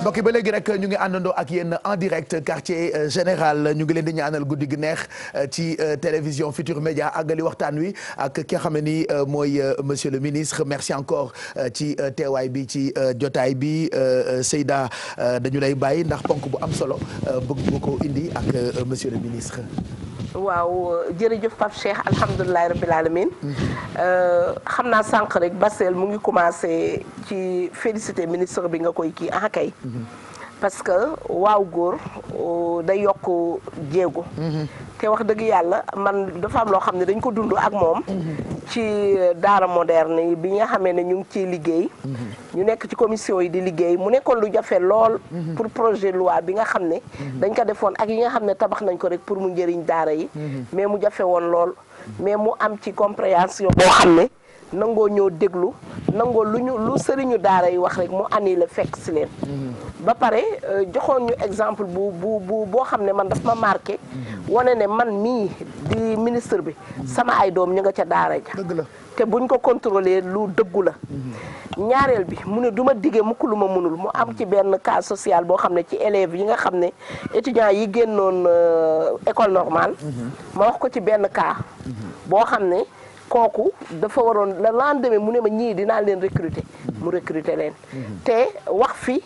mbokk ba léegi rek ñu ngi àndandoo ak yéen en direct quartier euh, général ñu ngi leen di ñaanal guddi gi neex euh, ci euh, télévision Futur Média àggali waxtaan wi ak ki nga xam ne ni mooy monsieur le ministre merci encore ci teewaay bi ci jotaay bi Seyda dañu lay bàyyi ndax ponk bu am solo bëgg nga ko indi ak monsieur le ministre. waaw jërëjëf Pape Cheikh alhamdulilah rabil alamin mhm. euh, xam naa sànq rek Basel mu ngi commencé ci félicité ministre bi nga koy kii ah kay. Mhm. parce que waaw góor euh, day yokk jéego. Mhm. te wax dëgg yàlla man dafa am loo xam ne dañ ko dund ak moom. Mhm. ci euh, daara moderne yi bi nga xamee ne ñu ngi ciy liggéey. Mhm. ñu nekk ci commission yi di liggéey mu nekkoon lu jafe lool. pour projet loi bi nga xam ne. dañ ko defoon ak yi nga xam ne tabax nañ ko rek pour mu njëriñ daara yi. mais mu jafe woon lool mais mu am ci compréhension boo xam ne. nangoo ñoo déglu nangoo lu ñu lu sëriñu daara yi wax rek mu annulé fekk si leen. Mhm. ba pare euh, joxoon ñu exemple bu bu bu boo xam ne man daf ma marqué. Mhm. wane ne man mii di ministre bi. Mhm. sama ay doom ñu nga ca daara ja. dëgg la te buñ ko contrôler lu dëggu la. ñaareel bi mu ne du ma diggee mukk lu ma mënul mu am ci benn cas sociale boo xam ne ci élèves yi nga xam ne étudiants yi génnoon euh, école normale. ma wax ko ci benn cas. boo xam ne. kooku dafa waroon la lendemain mu ne ma ñii dinaa leen recruter mu recruter leen te wax fi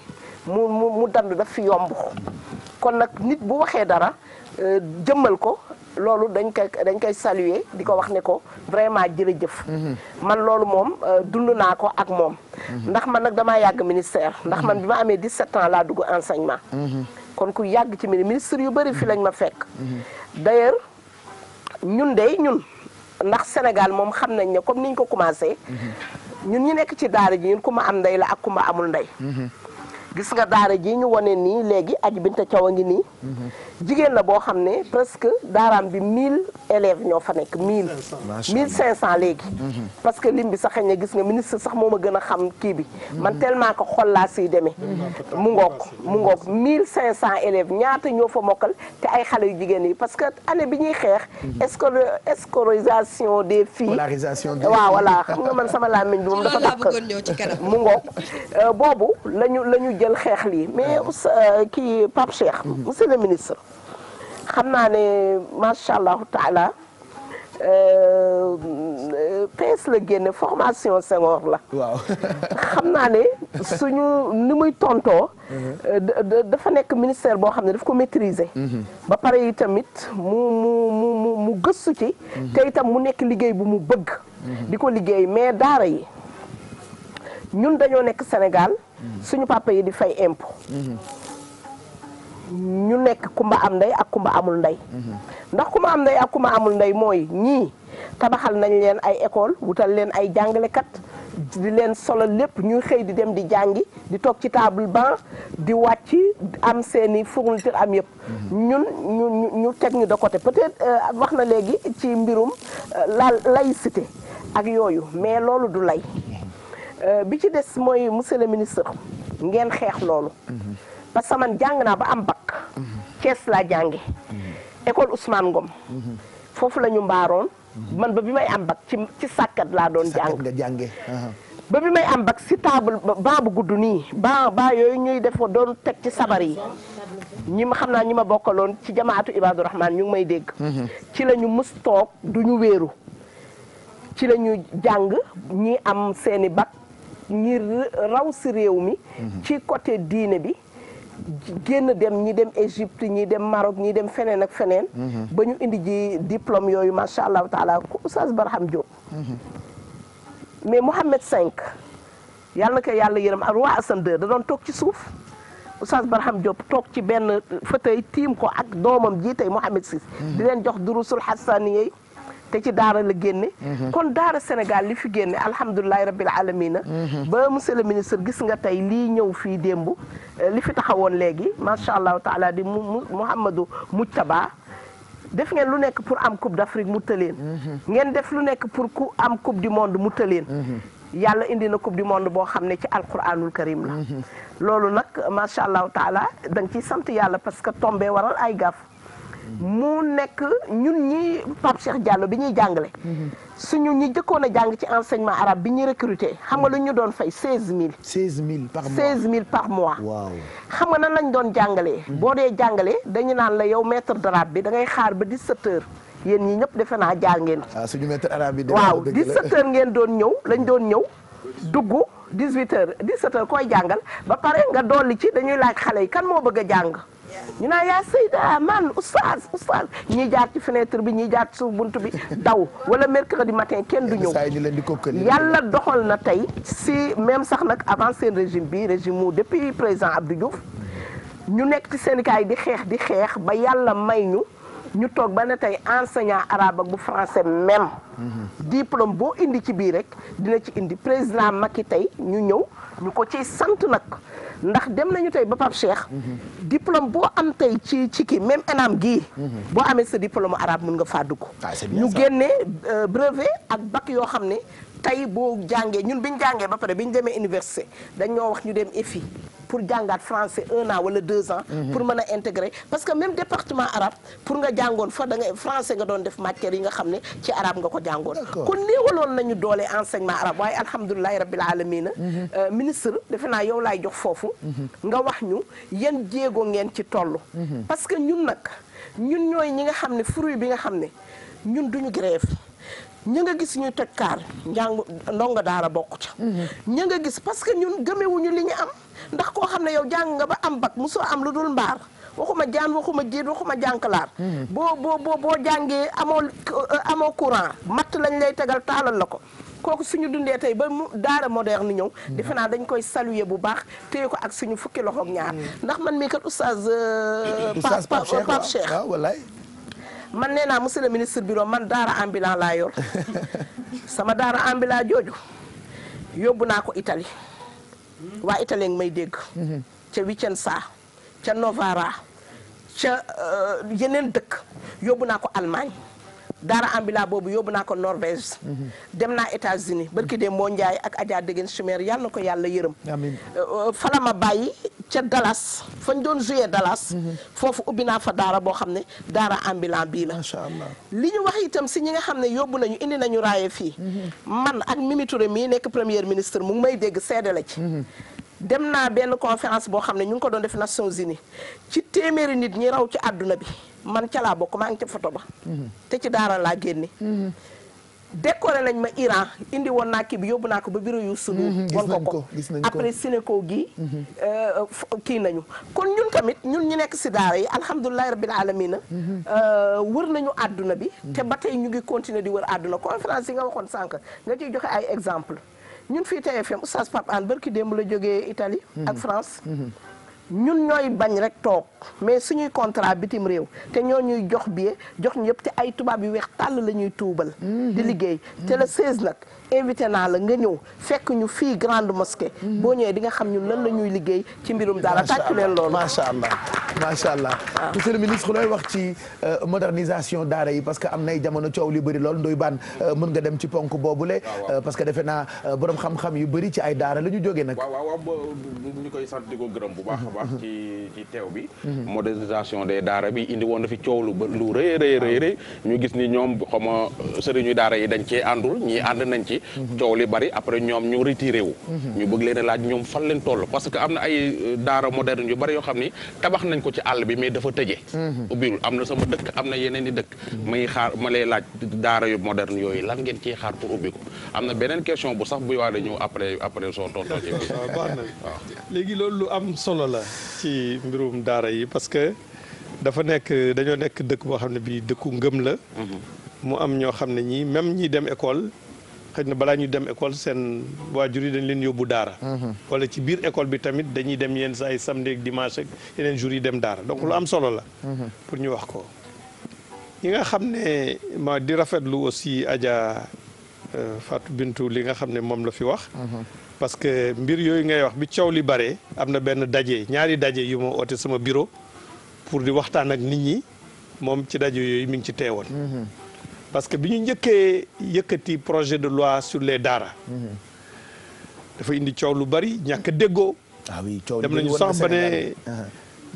mu mu mu dandu daf fi yomb kon nag nit bu waxee dara euh, jëmmal ko loolu dañ koy dañ koy saluer di ko wax ne ko vraiment jërëjëf man loolu moom euh, dund naa ko ak moom ndax man nag damaa yàgg ministère ndax man bi ma amee 17 ans laa dugg enseignement kon ku yàgg ci ministre yu bëri fi lañ ma fekk d'ailleurs ñun de ñun ndax Sénégal moom xam nañ ne comme niñ ko commencé. ñun ñu nekk ci daara ji ñun ku ma am ndey la ak ku ma amul ndey. Mm-hmm. gis nga daara ji ñu wane nii léegi aji binta caw a ngi nii. Mm-hmm. jigéen la boo xam ne presque daaraam bi mille élèves ñoo fa nekk 1000. cent léegi. Mm-hmm. parce que lim bi sax xëy na gis nga ministre sax moo ma gën a xam kii bi. man mm-hmm. tellement ko xol laa siy demee. Mm-hmm. mu ngook mu ngook ngoog 1500 élèves ñaata ñoo fa mokkal te ay xale yu jigéen yi parce que année bi ñuy xeex. esco escolarisation des filles. polarisation des filles waaw voilà xam nga man sama làmmiñ bi moom dafa takk mu ngoog euh, boobu lañu lañu jël xeex lii mais euh, kii Pape Cheikh. monsieur le ministre. xam naa ne macha allahu taala euh, PS la génne formation sengoor la. waaw xam naa ne suñu ni muy tontoo. Uh-huh. dafa nekk ministère boo xam ne daf ko maîtriser. Uh-huh. ba pare yi tamit mu mu mu mu gëstu ci. Uh-huh. te itam mu nekk liggéey bi mu bëgg. di ko liggéey mais daara yi ñun dañoo nekk Sénégal. suñu papa yi di fay impôt. ñu nekk kumba am ndey ak kumba amul ndey ndax kumba am ndey ak kumba amul ndey mooy ñii tabaxal nañ leen ay école wutal leen ay jàngalekat di leen solo lépp ñuy xëy di dem di jàngi di toog ci table banc di wàcc am seeni fourniture am yëpp ñun ñu ñu teg ñu de côté peut-être euh, wax na léegi ci mbirum euh, la laïcité ak yooyu mais loolu du lay euh, bi ci des mooy monsieur le ministre ngeen xeex loolu parce que man jàng naa ba am bac. Thiès laa jànge école Ousmane Ngom. foofu la mbaaroon. man ba bi may am bac ci ci laa doon jàng. jànge ba bi may am bac si table ba bu gudd nii ba ba yooyu ñuy def doon teg ci sabar yi. ñi ma xam naa ñi ma bokkaloon ci jamaatu Ibadu Rahman ñu ngi may dégg. Mhm. ci lañu ñu mus du ñu wéeru. ci la jàng ñi am seeni bac ñi raw si réew mi. Mhm. ci côté diine bi. génn dem ñi dem Égypte ñi dem Maroc ñi dem feneen ak feneen mhm. ba ñu indi ji diplom yooyu macha allahu taala ku Oustaz Barham Diop mhm. mais Mohamed cinq yàlla na ko yàlla yërëm ak roi Hassan II da toog ci suuf Oustaz Barham Diop toog ci benn fauteuil tiim ko ak doomam jii tey Mohamed mhm. di leen jox durusul Hassaniye te ci daara la génne mhm. kon daara Sénégal li fi génne alhamdulilahi rabbil alamina mhm. ba monsieur le ministre gis nga tey lii ñëw fii démb eh, li fi taxawoon léegi macha allahu taala di mu Mouhamadou Moujtaba def ngeen lu nekk pour am coupe d'Afrique mu tëleen mhm. ngeen def lu nekk pour ku am coupe du monde mu tëleen yàlla indi na coupe du monde boo xam ne ci alquranul karim la loolu nag macha allah taala dang nga ciy sant yàlla parce que tombe waral ay gaf mu nekk ñun ñi Pape Cheikh bi ñuy jàngale suñu ñi jëkkoon a jàng ci enseignement arabe bi ñuy recruter xam nga lu ñu doon fay seize mille seize mille par mois seize mille par mois waaw xam nga nan lañ doon jàngalee boo dee jàngalee dañu naan la yow maître d'arabe bi da ngay xaar ba dix-sept heures yéen ñi ñëpp defe naa jaar ngeen ci ah, suñu maître arabe bi waaw dix-sept heures ngeen doon ñëw lañu doon ñëw dugg dix-huit heures dix-sept koy jàngal ba pare nga dolli ci dañuy laaj xale yi kan moo bëgg a jàng ñu naan yaa Seyda man oustaz oustaz ñii jaar ci fenêtre bi ñii jaar ci bunt bi daw wala mercredi matin kenn du ñëw yàlla doxal na tey si même sax nag avant seen régime bi régime mu depuis président Abdou Diouf ñu nekk ci syndicat yi di xeex di xeex ba yàlla may ñu ñu toog ba ne tey enseignant arabe ak bu français même mhm. diplôme boo indi ci biir rek dina ci indi président Macky tey ñu ñëw ñu ko ci sant nag ndax dem nañu tey ba Pape Cheikh boo am tey ci ci kii même ENAM gii boo amee sa diplôme arabe mun nga faa dugg ah, ñu génne euh, brevet ak bac yoo xam ne tey boo jàngee ñun bi ñu jàngee ba pare bi ñu demee université dañoo wax ñu dem EFI pour jàngaat français un an wala deux ans. Mhm. pour mën a intégrer parce que même département arab pour nga jàngoon fa da nga français nga doon def matière yi nga xam ne ci arabe nga ko jàngoon. kon néewaloon nañu doole enseignement arabe waaye alhamdulilahi rabbil alamina. Mhm. Euh, ministre defe naa yow laay jox foofu. Mhm. nga wax ñu yan jéego ngeen ci toll. parce que ñun nag ñun ñooy ñi nga xam ne fruit bi nga xam ne ñun duñu grève. ña nga gis ñu toj kaar njàng ndongo daara bokku ca ña nga gis parce que ñun gëmewuñu li ñu am ndax koo xam ne yow jàng nga ba am bac mosoo am lu dul mbaar waxuma jaan waxuma jiit waxuma jànkalaar boo boo boo boo jàngee amoo euh, amoo courant matt lañ lay tegal taalal la ko kooku suñu dundee tey ba mu daara moderne ñëw defe naa dañ koy saluer bu baax téye ko ak suñu fukki loxoog ñaar ndax man mii kat oustaz euh, Pape Cheikh man nee naa monsieur le ministre bureau man daara ambulant laa yor sama daara ambulant jooju yóbbu naa ko itali waa Italie ngi may dégg mhm. ca Vicenza ca Novara ca euh, yeneen dëkk yóbbu naa ko Allemagne daara ambila boobu yóbbu naa ko Norvège dem naa États-Unis barki dee moo Njaay ak Adja Degen Chimère yàlla ko yàlla yërëm euh, fala ma bàyyi ca Dallas fañ doon joué Dallas foofu ubbi naa fa daara boo xam ne daara embilan bii la macha li ñu wax itam si ñi nga xam ne yóbbu nañu indi nañu raaye fii man ak Mimi Touré mii nekk première ministre mu may dégg seede la ci dem naa benn conférence boo xam ne ñu ngi ko doon def Nations Unies ci téeméeri nit ñi raw ci àdduna bi man ca laa bokk maa ngi ca foto ba. Mhm. te ci daara laa génne. Mhm. décoré nañ ma Iran indi woon naa kii bi yóbbu naa ko ba bureau yu sunu. Mhm, gis nañ ko gis nañ ko après Sénégal gi. Euh, kii nañu kon ñun tamit ñun ñu nekk si daara yi alhamdulilah rabbil alamina. Euh, wër nañu àdduna bi. te ba tey ñu ngi continuer di wër àdduna conférence yi nga waxoon sànq nga ciy joxe ay exemple ñun fii TFM Oustaz Pape Anne bërki démb la jóge itali ak France. ñun ñooy bañ rek toog mais suñuy contrat bitim réew te ñoo ñuy jox billet jox ñu yëpp te ay tubaab yu weex tàll la ñuy tuubal. Mhm. di liggéey te le 16 nag invité naa la nga ñëw fekk ñu fii grande mosquée. Mhm. boo ñëwee di nga xam ñu lan la ñuy liggéey ci mbirum dara tàccu leen loolu. macha allah macha allah ah. monsieur le ministre looy wax ci euh, modernisation daara yi parce que am nay jamono coow li bëri lool ndoy baan euh, mën nga dem ci ponk le euh, parce que defe naa borom xam yu bëri ci ay daara la ñu jógee nag. waaw waaw ñu koy baax ci ci teew bi mhm. modernisation des daara bi indi woon na fi coow lu lu rëy rëy ñu gis ni ñoom xama sëriñu daara yi dañ cee àndul ñi ànd nañ ci mhm. coow li bari après ñoom ñu retiré wu mhm. ñu bëgg leen a laaj ñoom fan leen toll parce que am na ay euh, daara moderne yu bari yoo xam ni tabax nañ ko ci àll bi mais dafa tëjee ubbiwul am na sama dëkk am na yeneen di dëkk may xaar ma lay laaj daara yu moderne yooyu lan ngeen ciy xaar pour ubbi ko am na beneen question bu sax buy waa da ñëw après après soo tontoo ci bi ah, léegi loolu lu ci mbirum daara yi parce que dafa nekk dañoo nekk dëkk boo xam ne bii dëkku ngëm la. Mhm. mu am ñoo xam ne ñii même ñi dem école xëy na balaa ñu dem école seen waajur yi dañ leen yóbbu daara. Mhm. wala ci biir école bi tamit dañuy dem yenn saa yi samedi ak dimanche ak yeneen jours yi dem daara donc lu am solo la. Mhm. pour ñu wax ko. ñi nga xam ne ma di rafetlu aussi Adja euh, Fatou Bintou li nga xam ne moom la fi wax. parce que mbir yooyu ngay wax bi coow li bare am na benn daje ñaari daje yu ma oote sama bureau pour di waxtaan ak nit ñi moom ci daje yooyu mi ngi ci teewoon. Mm-hmm. parce que bi ñu njëkkee yëkkati projet de loi sur les daara. Mm-hmm. dafa indi coow lu bari ñàkk a déggoo. ah dem nañu sax ba ne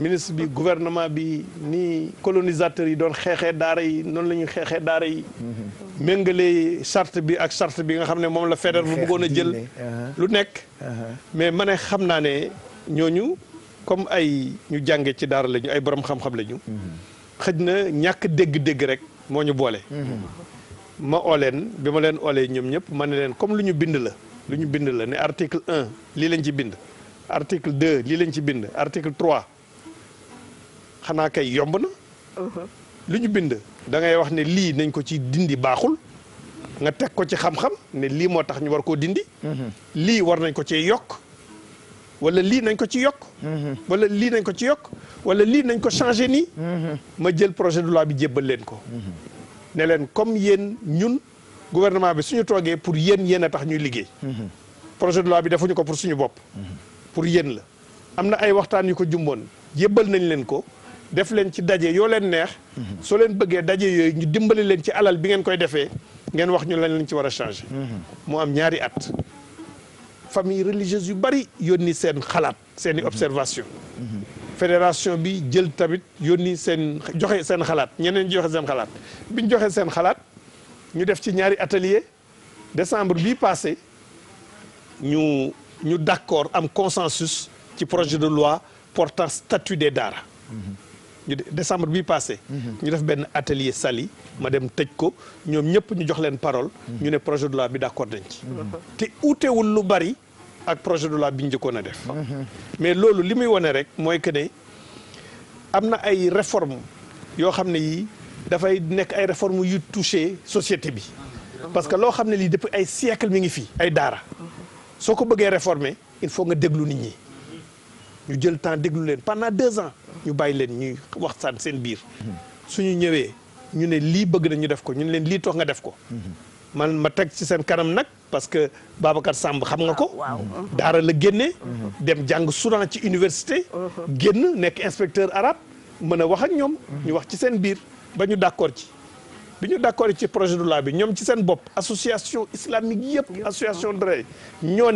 ministre bi gouvernement bi ni colonisateurs yi doon xeexee daara yi noonu la ñuy xeexee daara yi. Mhm. méngale charte bi ak charte bi nga xam ne moom la fédéral bu bëggoon a jël. Uh-huh. lu nekk. Uh-huh. mais ma ne xam naa ne ñooñu comme ay ñu jànge ci daara lañu ay borom xam-xam lañu. Mm-hmm. xëj na ñàkk dégg-dégg rek moo ñu boole. Mm-hmm. ma oo leen bi ma leen oolee ñoom ñëpp ma ne leen comme lu ñu bind la. lu ñu bind la ne article un lii lañ ci bind. article deux lii lañ ci bind article trois. xanaa kay yomb na. lu ñu bind da ngay wax ne lii nañ ko ci dindi baaxul nga teg ko ci xam-xam ne lii moo tax ñu war koo dindi. lii war nañ ko ci yokk wala lii nañ ko ci yokk. wala lii nañ ko ci yokk wala lii nañ ko changé nii. ma jël projet de loi bi jébbal leen ko. ne leen comme yéen ñun gouvernement bi suñu toogee pour yéen yéen a tax ñuy liggéey. projet de loi bi defuñu ko pour suñu bopp. pour yéen la am na ay waxtaan yu ko jumboon jébbal nañ leen ko. def leen ci daje yoo leen neex soo leen bëggee daje yooyu ñu dimbali leen ci alal bi ngeen koy defee ngeen wax ñu lan lañ ci war a changé mu am ñaari at famille religieuse yu bari yónni seen xalaat seeni i observation fédération bi jël tamit yónni seen joxe seen xalaat ñeneen joxe seen xalaat bi ñu joxee seen xalaat ñu def ci ñaari atelier décembre bii passé ñu ñu d'accord am consensus ci projet de loi portant statut des daara décembre bii passé. Mhm. ñu def benn atelier sali ma dem tëj ko ñoom ñëpp ñu jox leen parole. Mhm. ñu ne projet de loi bi d'accord nañ ci. Mhm. te uutewul lu bari ak projet de loi bi ñu njëkkoon a def. mais loolu li muy wane rek mooy que ne am na ay réformes yoo xam ne yi dafay nekk ay réformes yu touché société bi. parce que loo xam ne lii depuis ay siècle mi ngi fii ay daara. soo ko bëggee réformer il faut nga déglu nit ñi. ñu jël temps déglu leen pendant deux ans ñu bàyyi leen ñuy waxtaan seen biir su ñu ñëwee ñu ne lii bëgg na ñu def ko ñu ne leen lii toog nga def ko man ma teg ci seen kanam nag parce que Babacar sàmb xam nga ko ah, mm-hmm. daara la génne mm-hmm. dem jàng Soudan ci université mm-hmm. génn nekk inspecteur arabe mën a wax ak ñoom ñu wax ci seen biir ba ñu d'accord ci bi ñu d'accord ci projet de loi bi ñoom ci seen bopp association islamique yëpp association de ñoo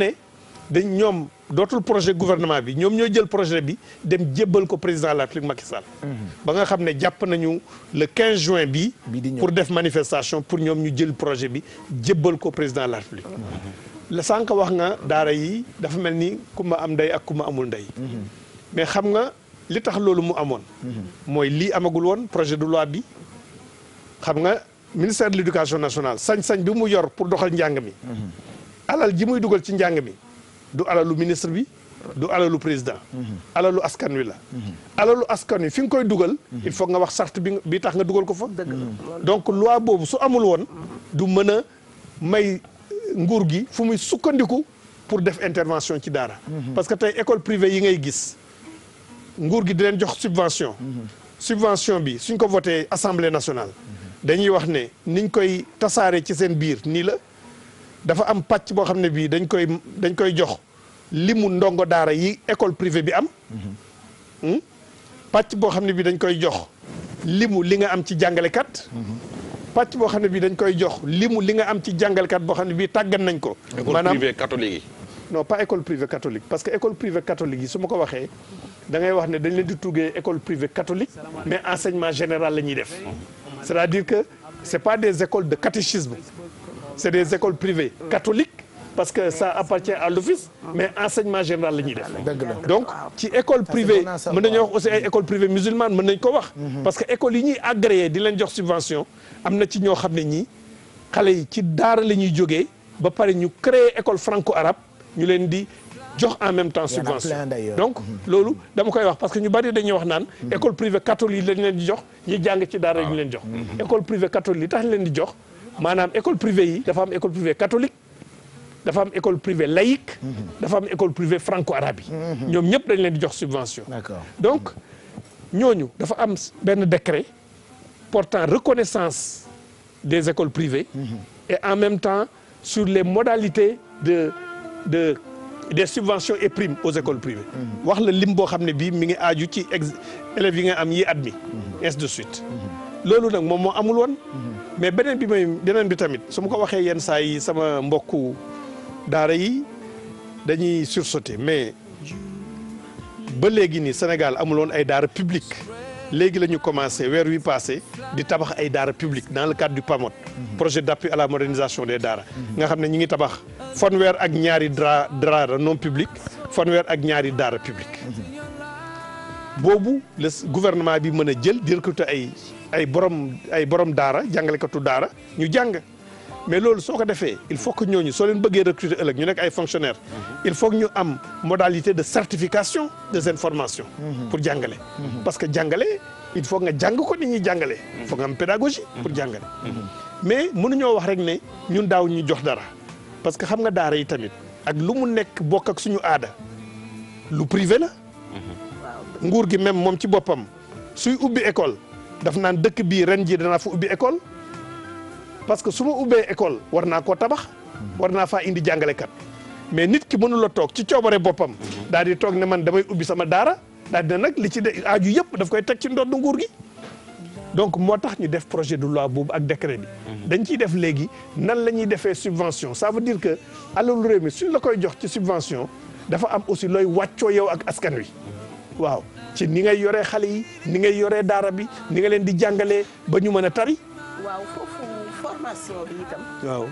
dañ ñoom dootul projet gouvernement bi ñoom ñoo jël projet bi dem jébbal ko président de la République Macky mhm. ba nga xam ne jàpp nañu le 15 juin bi pour def manifestation pour ñoom ñu jël projet bi jëbbal ko président de la République mhm. la sànq wax nga daara yi dafa mel ni kumba am ndey ak kumba amul ndey mhm. mais xam nga li tax loolu mu amoon mooy lii amagul woon projet de loi bi xam nga ministère de l'éducation nationale sañ-sañ bi mu yor pour doxal njàng mi ji muy dugal ci njàng mi du alalu ministre bi du alalu président mm-hmm. alalu askan wi la mm-hmm. alalu askan wi fi nga koy dugal mm-hmm. il faut nga wax sart bi bi tax nga dugal ko fa donc loi boobu su amul woon du mën a may euh, nguur gi fu muy sukkandiku pour def intervention ci daara parce que tey école privée yi ngay gis nguur gi di leen jox subvention subvention bi suñ ko voté assemblée nationale dañuy wax ne niñ koy tasaaree ci seen biir nii la dafa am pàcc boo xam ne bii dañ koy dañ koy jox limu ndongo daara yi école privée bi am. Hmm? pàcc boo xam ne bii dañ koy jox limu li nga am ci jàngalekat. pàcc boo xam ne bii dañ koy jox limu li nga am ci jàngalekat boo xam ne bii tàggat nañ ko. maanaam école privée catholique yi. non pas parce que école privée catholique yi su ma ko waxee da ngay wax ne dañ leen di tuggee école privée catholique mais enseignement général la ñuy def. c'est-à-dire que c'est pas des écoles de catéchisme. c'est des écoles privées catholiques parce que ça appartient à l'office mais enseignement général la ñuy def donc ci école privée mën nañu wax aussi ay école privée musulmane mën nañ ko wax mhm. parce que école yi ñuy agréé di leen jox subvention am na ci ñoo xam ne ñii xale yi ci daara la ñuy jógee ba pare ñu créer école franco-arabe ñu leen di jox en même temps subvention donc mhm. loolu dama koy wax parce que ñu bari dañuy wax naan mhm. école privée catholique leen di jox ñi jàng ci daara leen jox école privée catholique tax leen di jox maanaam école privée yi dafa am école privée catholique dafa am école privée laïque dafa am école privée franco-arabe mhm. ñoom ñëpp dañ leen di jox subvention donc ñooñu dafa am benn décret portant reconnaissance des écoles privées mhm. et en même temps sur les modalités de de des subventions et primes aux écoles privées mhm. wax la lim boo xam ne bii mi ngi aaju ci élèves yi nga am yi admis ainsi de suite loolu nag moom moo amul woon mais beneen bi may beneen bi tamit su ma ko waxee yenn saa yi sama mbokku daara yi dañuy sursauté mais ba léegi nii Sénégal amul woon ay daara publique léegi lañu ñu commencé weer wi passé di tabax ay daara publique dans le cadre du PAMOD mhm. projet d'appui à la modernisation des daara mhm. nga xam ne ñi ngi tabax fonweer ak ñaari dra daara non publique fonweer ak ñaari daara publique mhm. boobu le gouvernement bi mën a jël di recruter ay ay borom ay borom daara jàngalekatu daara ñu jàng mais loolu soo ko defee il faut que ñooñu soo leen bëggee recruter ëllëg ñu nekk ay fonctionnaires mhm. il faut ñu am modalité de certification des informations mhm. pour jàngale mhm. parce que jàngale il faut nga jàng ko ni ñuy jàngale il faut nga am pédagogie pour jàngale mais ñoo wax rek ne ñun daaw ñu jox dara parce que xam nga daara yi tamit ak lu mu nekk bokk ak suñu aada lu privé la nguur gi même moom ci boppam suy ubbi école daf naan dëkk bii ren ji danaa fa ubbi école parce que su ma ubbee école war naa koo tabax war naa faa indi jàngalekat mais nit ki mënula toog ci coobare boppam daal di toog ne man damay ubbi sama daara daal nag li ci de aaju yëpp daf koy teg ci ndoddu nguur gi donc moo tax ñu def projet de loi boobu ak décret bi dañ ciy def léegi nan la ñuy defee subvention ça veut dire que alalu réew mi suñ la koy jox ci subvention dafa am aussi looy wàccoo yow ak askan wi waaw ci ni ngay yore xale yi ni ngay yoree daara bi ni nga leen di jàngalee ba ñu mën a tari. waaw foofu euh,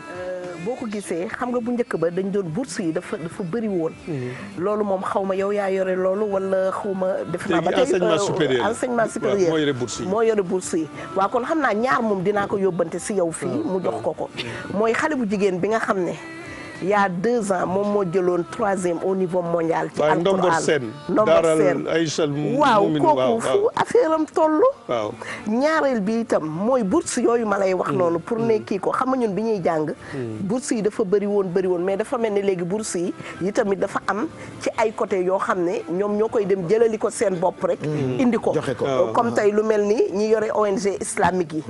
boo ko gisee xam nga bu njëkk ba dañ doon bourse yi dafa dafa bëri woon. Mhm. loolu moom xaw ma yow yaa yore loolu wala xaw ma. def naa ba tey enseignement euh, supérieur enseignement supérieur moo yore bourse yi moo yore bourse yi. waaw kon xam naa ñaar moom dinaa ko yóbbante si yow fii. mu dox ko ko mooy xale bu jigéen bi nga xam ne. il y a deux ans moom moo jëloon troisième au niveau mondial. ci alquran ndombor seen. ndombor seen waaw kooku fu affaire am toll. ñaareel bi itam mooy bourse yooyu ma lay wax hmm. noonu. pour hmm. ne ko xam nga ñun bi ñuy jàng. Hmm. bourse yi dafa bëri woon bëri woon mais dafa mel ni léegi bourse yi yi tamit dafa am ci ay côté yoo xam ne ñoom ñoo koy dem jëlali ko seen bopp rek. indi ko ah. comme tey lu mel ni ñi yore ONG islamique yi.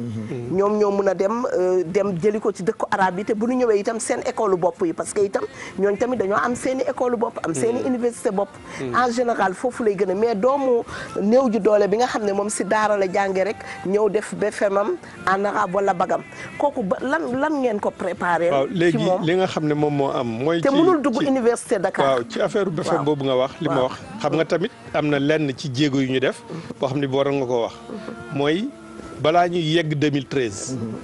ñoom ñoo mun a dem euh, dem jëli ko ci dëkku araab yi te bu ñu ñëwee itam seen école bopp yi parce que itam ñooñ tamit dañoo am seeni école bopp am seen i mm. université bopp mm. en général foofu lay gën a mais doomu néew ju doole bi nga xam ne moom si daara la jànge rek ñëw def BFEMam en arabe wala bagam kooku ba lan lan ngeen ko préparé waaw léegi li nga xam ne moom moo am mooy te dugg université Dakar ci affaire BFEM boobu nga wax li ma wax xam nga tamit am na lenn ci jéego yu ñu def mm-hmm. boo xam ne bi waroon nga ko wax mm-hmm. mooy balaa ñuy yegg 2013 mm-hmm.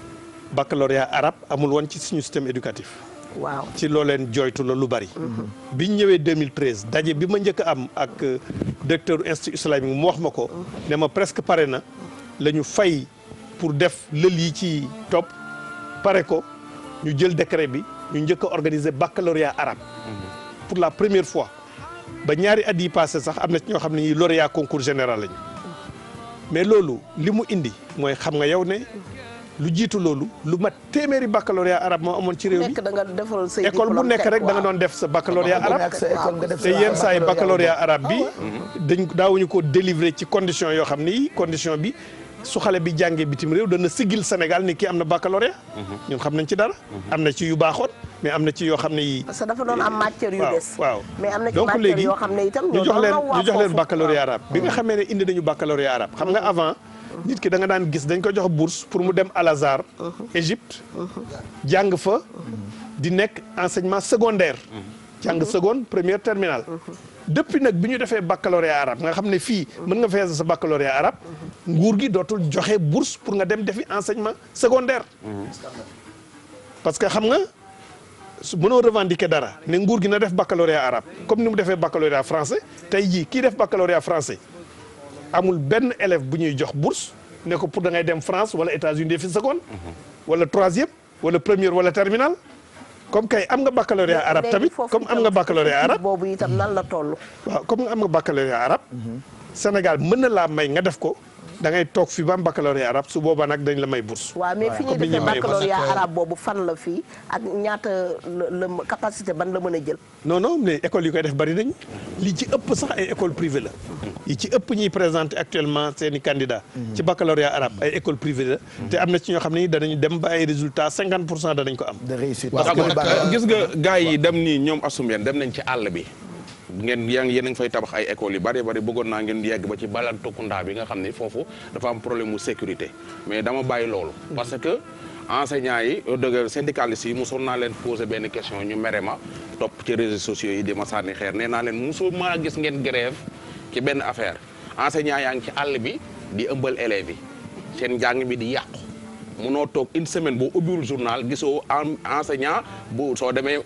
baccalauréat arabe amul woon ci suñu système éducatif waaw ci loo leen joytu la lu bari. ñu ñëwee 2013 daje bi ma njëkk am ak euh, directeur institut islamique mu wax ma ko. ne ma presque pare na la ñu fay pour def lël yi ci topp pare ko ñu jël décret bi ñu njëkk a organiser baccalauréat arabe. pour la première fois ba ñaari at yi passé sax am na ci ñoo xam ne ñuy lauréat concours général lañu. mais loolu li mu indi mooy xam nga yow ne. lu jiitu loolu lu mat téeméeri baccalauréat arabe moo amoon ci réew mi école bu nekk rek danga doon def sa baccalauréat arabe te yenn saa yi baccalauréat arabe bi ah daawuñu ko délivrer ci condition yoo xam ni condition bi su xale bi jàngee bitim réew dana sigil Sénégal ni kii am na baccalauréat mhm. ñun xam nañ ci dara mhm. am na ci yu baaxoon mais am na ci yoo xam ne yi parce dafa doon am matière yu des am na ci matière ñu jox leen ñu jox leen baccalauréat arabe bi nga ah. xamee ne indi nañu baccalauréat arabe xam nga ah. avant nit ki da nga daan gis dañ ko jox bourse pour mu dem Al Azhar. jàng fa. di nekk enseignement secondaire. jàng seconde première terminal depuis nag bi ñu defee baccalauréat arabe nga xam ne fii mën nga fees sa baccalauréat arabe nguur gi dootul joxe bourse pour nga dem defi enseignement secondaire. parce que xam nga mënoo revendiquer dara ne nguur gi na def baccalauréat arab comme ni mu defee baccalauréat français tey jii kii def baccalauréat français. amul benn élève bu ñuy jox bourse ne ko pour da ngay dem France wala États-Unis defi seconde wala troisième wala première wala terminal comme kay am nga baccalauréat arabe tamit comme am nga baccalauréat arabe boobu itam nan la toll. waaw comme am nga baccalauréat arabe mhm. Sénégal mën na laa may nga def ko da ngay toog fi ba mu baccalauréat arabe su boobaa nag dañ la may bourse. waaw mais fi ñuy defee baccalauréat arabe boobu fan la fii ak ñaata la capacité ban la mën a jël. non non mais école yi koy def bari nañ li ci ëpp sax ay école privée la. yi ci ëpp ñuy présenter actuellement seen i candidats. ci baccalauréat arabe ay école privée la. te am na ci ñoo xam ne danañu dem ba ay résultat cinquante pour cent danañ ko am. de réussite gis nga gars yi dem nii ñoom asum yéen dem nañ ci àll bi. ngeen yaa ngi yéen a ngi fay tabax ay école yu bari bari bëggoon naa ngeen yegg ba ci Balantounda bi nga xam ne foofu dafa am problème mu sécurité mais dama bàyyi loolu. Mm-hmm. parce que enseignants yi euh, dëgg syndicalistes yi mosoon naa leen poser benn question ñu mere ma top ci réseaux sociaux yi di ma sànni xeer nee naa leen mosoo maa gis ngeen grève ci benn affaire enseignants yaa ngi ci àll bi di ëmbal élèves yi seen njàng bi di yàqu. munoo toog une semaine boo ubbiwul journal gisoo enseignant bu soo demee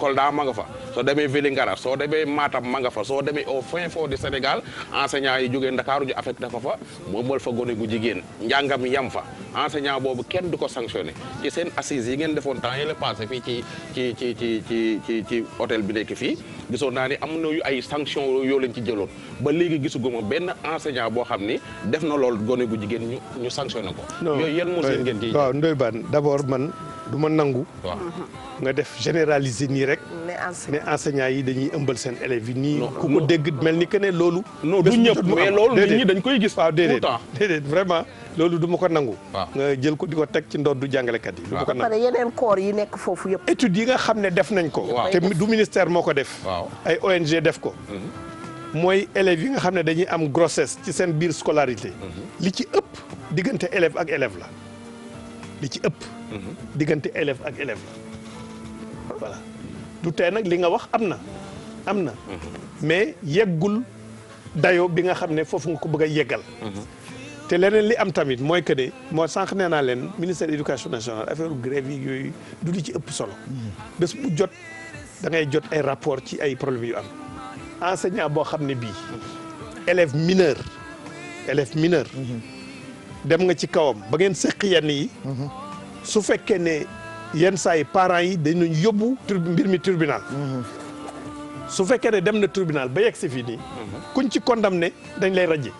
Kolda ma nga fa soo demee Vélingara soo demee Matam ma nga fa soo demee au fin fond du Sénégal enseignant yi jógee Ndakaaru ju affect ko fa moomal fa gone gu jigéen njàngam yam fa enseignant boobu kenn du ko sanctionné seen assises yi ngeen defoon temps yële passé fii ci ci ci ci ci ci ci hôtel bi nekk fii gisoon naa ne am na ay sanction yoo leen ci jëloon ba léegi gisu gisuguma benn enseignant boo xam ni def na loolu gone gu jigéen ñu ñu sanctionné ko. yooyu yan ngeen ciy waaw Ndoye Bane d'abord man du ma nangu. waaw nga def généraliser nii rek. ne enseignant yi dañuy ëmbal seen élèves yi. nii ku ko dégg mel ni que ne loolu. non du ñëpp mais loolu dañ koy gis. waaw déedéet déedéet vraiment loolu du ko nangu. nga jël ko di ko teg ci ndoddu jàngalekat yi. du ma ko nangu pare yeneen corps yi nekk foofu yëpp. yi nga xam ne def nañ ko. te du ministère moo ko def. ay ONG def ko. Mm-hmm. mooy élève yi nga xam ne dañuy am grossesse ci seen biir scolarité. Mhm. li ci ëpp diggante élève ak élève la li ci ëpp. Mhm. diggante élève ak élève la voilà du tey nag li nga wax am na am na. Mhm. mais yeggul dayo bi nga xam ne foofu nga ko bëgg a yeggal. te leneen li am tamit mooy que ne moo sànq nee naa leen ministère de l'éducation nationale affaire grève yi yooyu du li ci ëpp solo. bés bu jot da ngay jot ay rapport ci ay problèmes yu am. enseignant boo xam ne bii élève mineur élève mineur dem nga ci kawam ba ngeen sëq yenn yi su fekkee ne yenn saa yi parents yi dañu yóbbu mbir mi tribunal su fekkee ne dem na tribunal ba yegg si fii nii kuñ ci ne dañ lay raje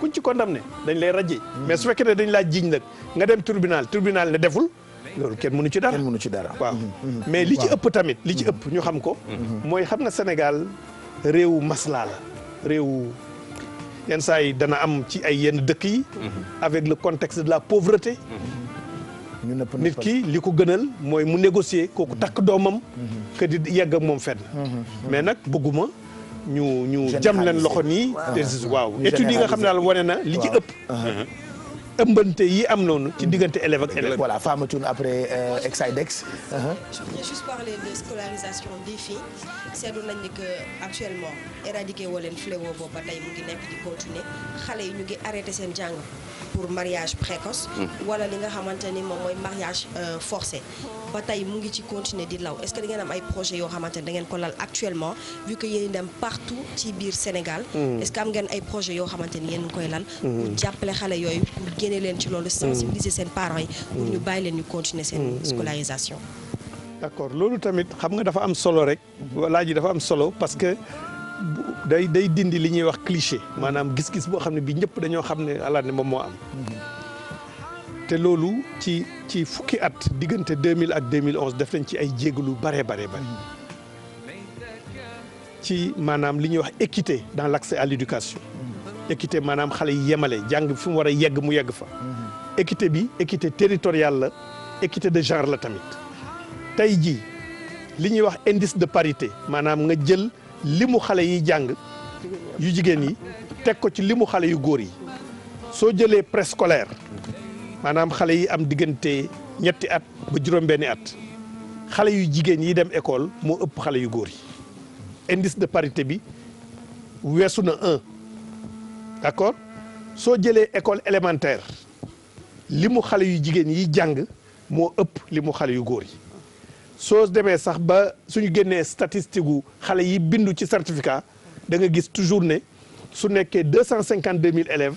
kuñ ci ne dañ lay rajee mais su fekkee ne dañ laa jiiñ nag nga dem tribunal tribunal ne deful loolu kenn mënu ci dara mënu ci dara waaw mhm. Mhm. mais li ci ëpp tamit li ci mhm. ëpp ñu xam ko mooy xam na Sénégal réew maslaa la réew yenn saa yi dana am ci ay yenn dëkk yi avec le contexte de la pauvreté nit ki li ko gënal mooy mu négocier kooku takk doomam que di yegg ak moom fenn mais nag bëgguma ñu ñu jam leen loxo nii waaw études nga xam ne daal wane na li ci ëpp uh-huh. ëmbante yi am noonu. ci diggante élève ak élève. voilà Famatun après euh, Exidex. Uh-huh. je juste parler de scolarisation des filles nañ ni que actuellement éradiqué woo leen fléau boobu ba tey mu ngi nekk di continuer xale yi ñu ngi arrêté seen jàng. pour mariage précoce. wala li nga xamante ni moom mooy mariage euh, forcé ba tey mu ngi ci continuer di law est-ce que da ngeen am ay projet yoo xamante ni da ngeen ko lal actuellement vu que yéen dem partout biir Sénégal. Mm. est-ce ay projet yoo xamante ni yéen koy lal. Mm. jàppale xale yooyu pour génne leen ci loolu. sensibiliser mm. seen parents yi. pour ñu bàyyi leen ñu continé seen. scolarisation. d'accord loolu tamit xam nga dafa am solo rek laaj yi dafa am solo parce que. day day dindi li ñuy wax cliché maanaam gis-gis boo xam ne bi ñëpp dañoo xam ne alaane moom moo am te loolu ci ci fukki at diggante 2000 ak 2011 def nañ ci ay jéegalu bare bare bare ci maanaam li ñuy wax équité dans l'accès à l'éducation équité maanaam xale yi yemale jàng fu mu war a yegg mu yegg fa équité bi équité territoriale la équité de genre la tamit tey jii li ñuy wax indice de parité maanaam nga jël limu xale yi jàng yu jigéen yi teg ko ci limu xale yu góor yi soo jëlee préscolaire maanaam xale yi am diggante ñetti at ba juróom-benni at xale yu jigéen yi dem école moo ëpp xale yu góor yi indice de parité bi weesu na un d'accord soo jëlee école élémentaire limu xale yu jigéen yi jàng moo ëpp limu xale yu góor yi soo demee sax ba suñu génnee statistique gu xale yi bindu ci certificat da nga gis toujours ne su nekkee deux cent cinquante deux mille élèves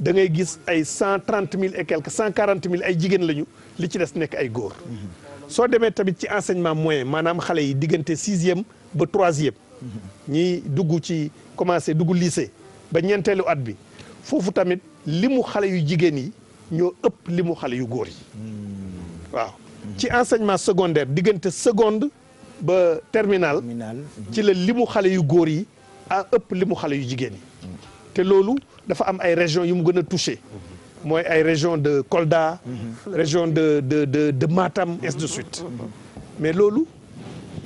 da ngay gis ay cent trente mille et quelque cent quarante mille ay jigéen lañu li ci des nekk ay góor. Mm-hmm. soo demee tamit ci enseignement moyen maanaam xale yi diggante sixième ba troisième. Mm-hmm. ñi dugg ci commencé dugg lycée ba ñeenteelu at bi foofu tamit limu xale yu jigéen yi ñoo ëpp limu xale yu góor yi mm. ci enseignement secondaire diggante seconde ba terminal ci la limu xale yu góor yi a ëpp limu xale yu jigéen yi te loolu dafa am ay régions yu mu gën a touché mooy ay région de Kolda région de de de de Matam ainsi de suite mais loolu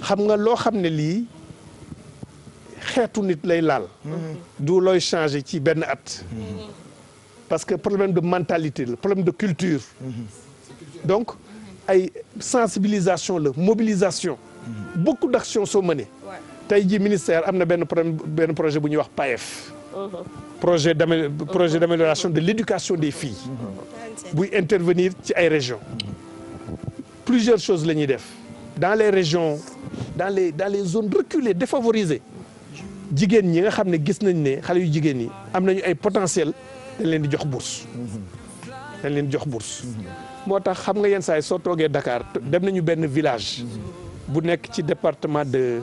xam nga loo xam ne lii xeetu nit lay laal du looy changé ci benn at parce que problème de mentalité la problème de culture mm-hmm. donc ay sensibilisation la mobilisation. beaucoup d'actions sont menées. tey jii ministère am na benn benn projet bu ñuy wax PAEF. Uh-huh. projet d' uh-huh. projet de l'éducation des fii uh-huh. buy intervenir ci ay régions. plusieurs choses la ñuy def. dans les régions dans les dans les zones reculées défavorisées jigéen ñi nga xam ne gis nañ ne xale yu jigéen ñi am nañu ay potentiel dañ leen di jox bourse dañ leen jox bourse moo tax xam nga yenn saa yi soo toogee dakaar dem nañu benn village bu nekk ci département de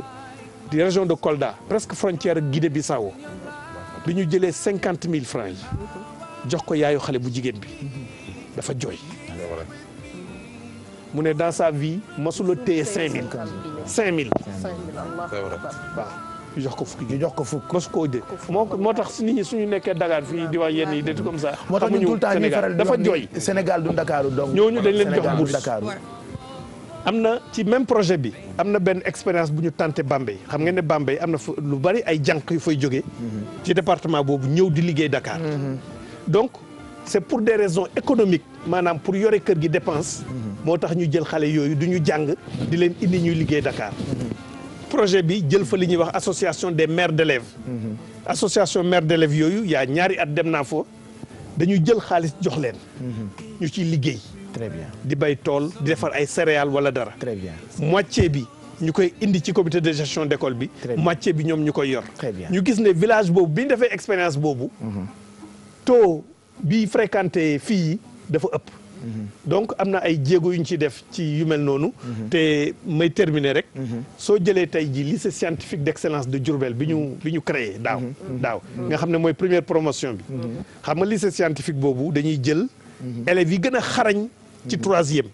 di région de Kolda presque frontière Guinée-Bissau bi ñu jëlee cinquante mille francs yi jox ko yaayu xale bu jigéen bi dafa jooy mu ne dans sa vie masula téye cinq mille cinq mille jox ko fukki jox ko fukk mos koo moo moo tax nit ñi suñu nekkee Dakar fii di wax yenn yi dëtt comme ça moo tax ñun tout le temps ñuy faral dafa jooy Sénégal du Dakar donc ñu dañ leen jox bourse Dakar am na ci même projet bi am na benn expérience bu ñu tenté Bambey xam ngeen ne Bambey am na lu bari ay jànq yu fay jóge mhm. ci département boobu ñëw di liggéey Dakar mhm. donc c'est pour des raisons économiques maanaam pour yore kër gi dépense mhm. moo tax ñu jël xale yooyu du ñu jàng di leen indi ñuy liggéey dakaar projet bi jël fa li ñuy wax association des mères d'élèves association mères d'élèves yooyu yaa ñaari at dem naa fa dañu jël xaalis jox leen ñu ciy liggéey très bien di bay tool di defar ay céréales wala dara très bien bi ñu koy indi ci comité de gestion d'école bi moitié bi ñoom ñu koy yor ñu gis ne village boobu bi ñu defee expérience boobu mhm. taux bi fréquenté fii dafa ëpp donc am na ay jéego yu ñu ciy def ci yu mel noonu. te may terminer rek. soo jëlee tey jii lycée scientifique d' excellence de Diourbel bi ñu bi ñu créé daaw. daaw nga xam ne mooy première promotion bi. xam nga lycée scientifique boobu dañuy jël. élèves yi gën a xarañ. ci troisième.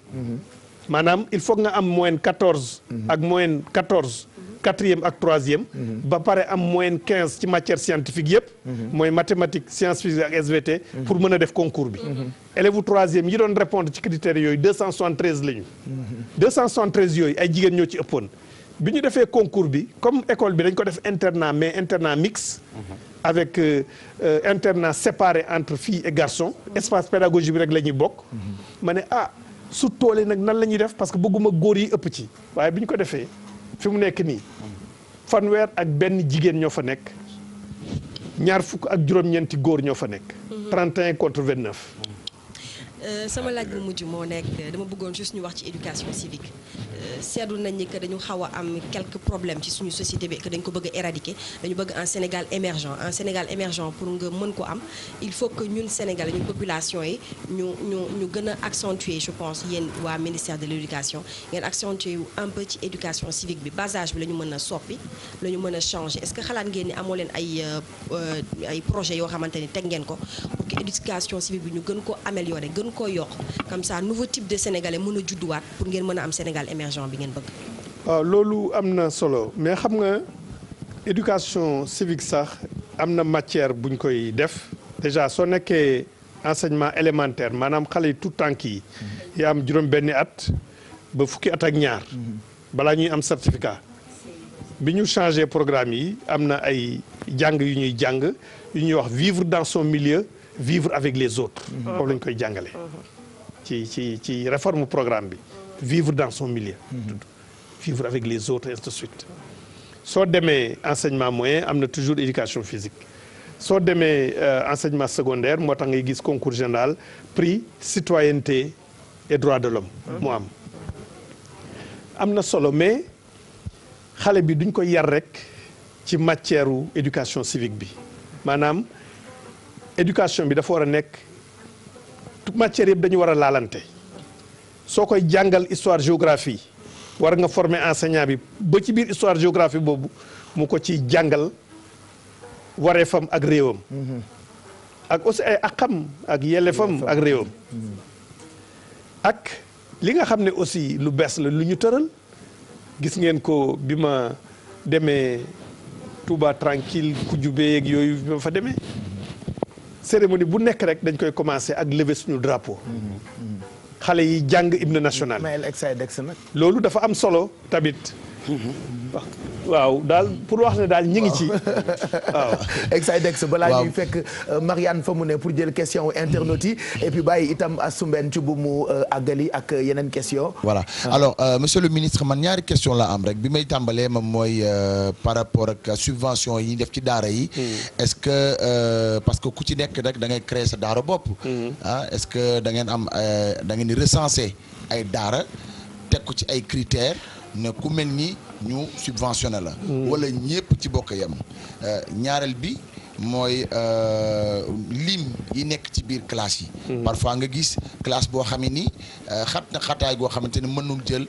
maanaam il faut nga am moyenne quatorze. ak moyenne quatorze. quatrième ak troisième. Mhm. ba pare am moyenne quinze ci matière scientifique yëpp. Mhm. mooy mathématique science physique ak SVT. Mhm. pour mën a def concours bi. élèves bu troisième yi doon répondre ci critères yooyu deux cent soixante la ñu. cent soixante yooyu ay jigéen ñoo ci ëppoon. bi ñu defee concours bi comme école bi dañ ko def internat mais internat mixte. avec euh, euh, internat séparé entre filles et garçons. espace pédagogique bi rek la ñuy bokk. ma ne ah su toolee nag nan la ñuy def parce que bëgguma góor yi ëpp ci. waaye bi ko defee. fi mu nekk nii fanweer ak benn jigéen ñoo fa nekk ñaar fukk ak juróom-ñeenti góor ñoo fa nekk. 31 mhm. contre vingt 29. Euh, sama laaj bu mujj moo nekk dama bëggoon juste ñu wax ci éducation civique. seetlu nañ ni que dañu xaw a am quelques problèmes ci suñu société bi que dañ ko bëgg a éradiquer dañu bëgg un Sénégal émergent un Sénégal émergent pour nga mën ko am il faut que ñun Sénégal ñun population yi ñu ñu ñu gën a accentuer je pense yéen waa ministère de l'éducation ngeen accentuer un peu ci éducation civique bi basage bi la ñu mën a soppi la ñu mën a changé est-ce que xalaat ngeen ni amoo leen ay euh, euh, ay projet yoo xamante ni teg ngeen ko pour que éducation civique bi ñu gën ko améliorer gën ko yokk comme ça nouveau type de sénégalais mën a judduwaat pour ngeen mën am Sénégal émergent éducation bi ngeen bëgg. loolu am na solo mais xam nga éducation civique sax am na matière buñ koy def déjà soo nekkee enseignement élémentaire maanaam xale yi tout tànk yi mhm. yaa am juróom-benni at ba fukki at ak ñaar mhm. balaa ñuy am certificat bi ñu changé programme yi am na ay jàng yu ñuy jàng yu ñuy wax vivre dans son milieu vivre avec les autres. Mhm. foofu ñu koy jàngale. ci ci ci réforme programme bi. vivre dans son milieu. Mm-hmm. vivre avec les autres et ainsi soo demee enseignement moyen am na toujours éducation physique soo demee euh, enseignement secondaire moo tax ngay gis concours général prix citoyenneté et droit de l'homme mm-hmm. mu am am na solo mais xale bi duñ koy yar rek ci matière u éducation civique bi maanaam éducation bi dafa war a nekk matière yëpp dañu war a laalante soo koy jàngal histoire géographie war nga former enseignant bi ba ci biir histoire géographie boobu mu ko ci jàngal wareefam ak réewam mm-hmm. ak aussi ay aqam ak fam ak réewam mm-hmm. ak li nga xam ne aussi lu bees la lu ñu tëral gis ngeen ko bi ma demee Touba tranquille ku jubee ak yooyu bi ma fa demee mm-hmm. cérémonie bu nekk rek dañ koy commencer ak lever suñu drapeau xale yi jàng hymne national. loolu dafa am solo tamit. Mm-hmm. waaw daal pour wax ne daal ñu ngi ci. waaw Exidex balaa ñuy fekk euh, Marianne fa mu ne pour jël question internautes yi hmm. et puis bàyyi itam Assoumben ci bu mu euh, àggali ak yeneen question voilà ah. alors euh, monsieur le ministre man ñaari question la am rek bi may tàmbalee moom mooy par rapport ak subvention yi def ci daara yi. Hmm. est-ce que parce que ku ci nekk rek da ngay créer sa daara bopp. Hmm. ah est-ce que da ngeen am da ngeen di recenser ay daara teg ko ci ay critères ne ku mel ñu subventionné la wala ñëpp ci bokk yam euh, ñaareel bi mooy euh, lim yi nekk ci biir classe yi mm-hmm. parfois nga gis classe boo xam ne ni euh, xat na xataay goo xamante ne mënul jël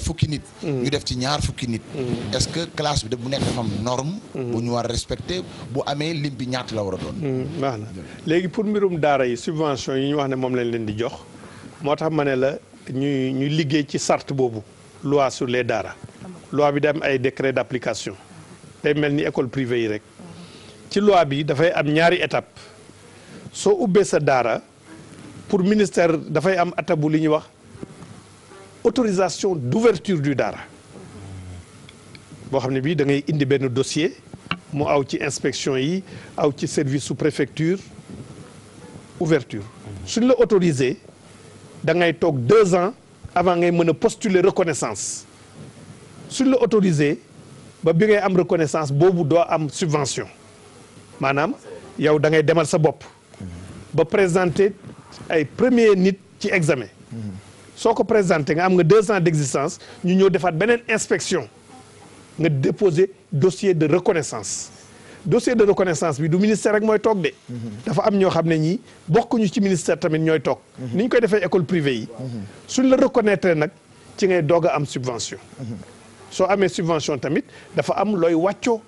fukki nit mm-hmm. ñu def ci ñaar fukki nit mm-hmm. est-ce que classe bi da bu nekk dafa norme bu ñu war respecté bu amee lim bi ñaata la war a doon léegi pour mbirum daara yi subvention yi ñu wax ne moom lañ leen di jox moo tax ma ne la ñuy ñuy liggéey ci sart boobu loi sur les daara loi bi day am ay décret d'application day mel ni école privée yi rek ci loi bi dafay am ñaari étape soo ubbee sa daara pour ministère dafay am atabu li ñuy wax autorisation d'ouverture du daara boo xam ne bii da ngay indi benn dossier mu aw ci inspection yi aw ci service su préfecture ouverture suñ la autorisé da ngay toog deux ans avant ngay mën a postuler reconnaissance suñ la autorisé ba bi ngay am reconnaissance boobu doo am subvention maanaam yow da ngay demal sa bopp ba présenter ay premier nit ci examen soo ko présenté nga am nga deux ans d'existence ñu ñëw defaat beneen inspection nga déposé dossier de reconnaissance dossier de reconnaissance bi du ministère rek mooy toog de dafa am ñoo xam ne ñii bokkuñu ci ministère tamit ñooy toog ni ñu koy defee école privé yi suñ la reconnaître nag ci ngay doog a am subvention soo amee subvention tamit dafa am looy wàccoo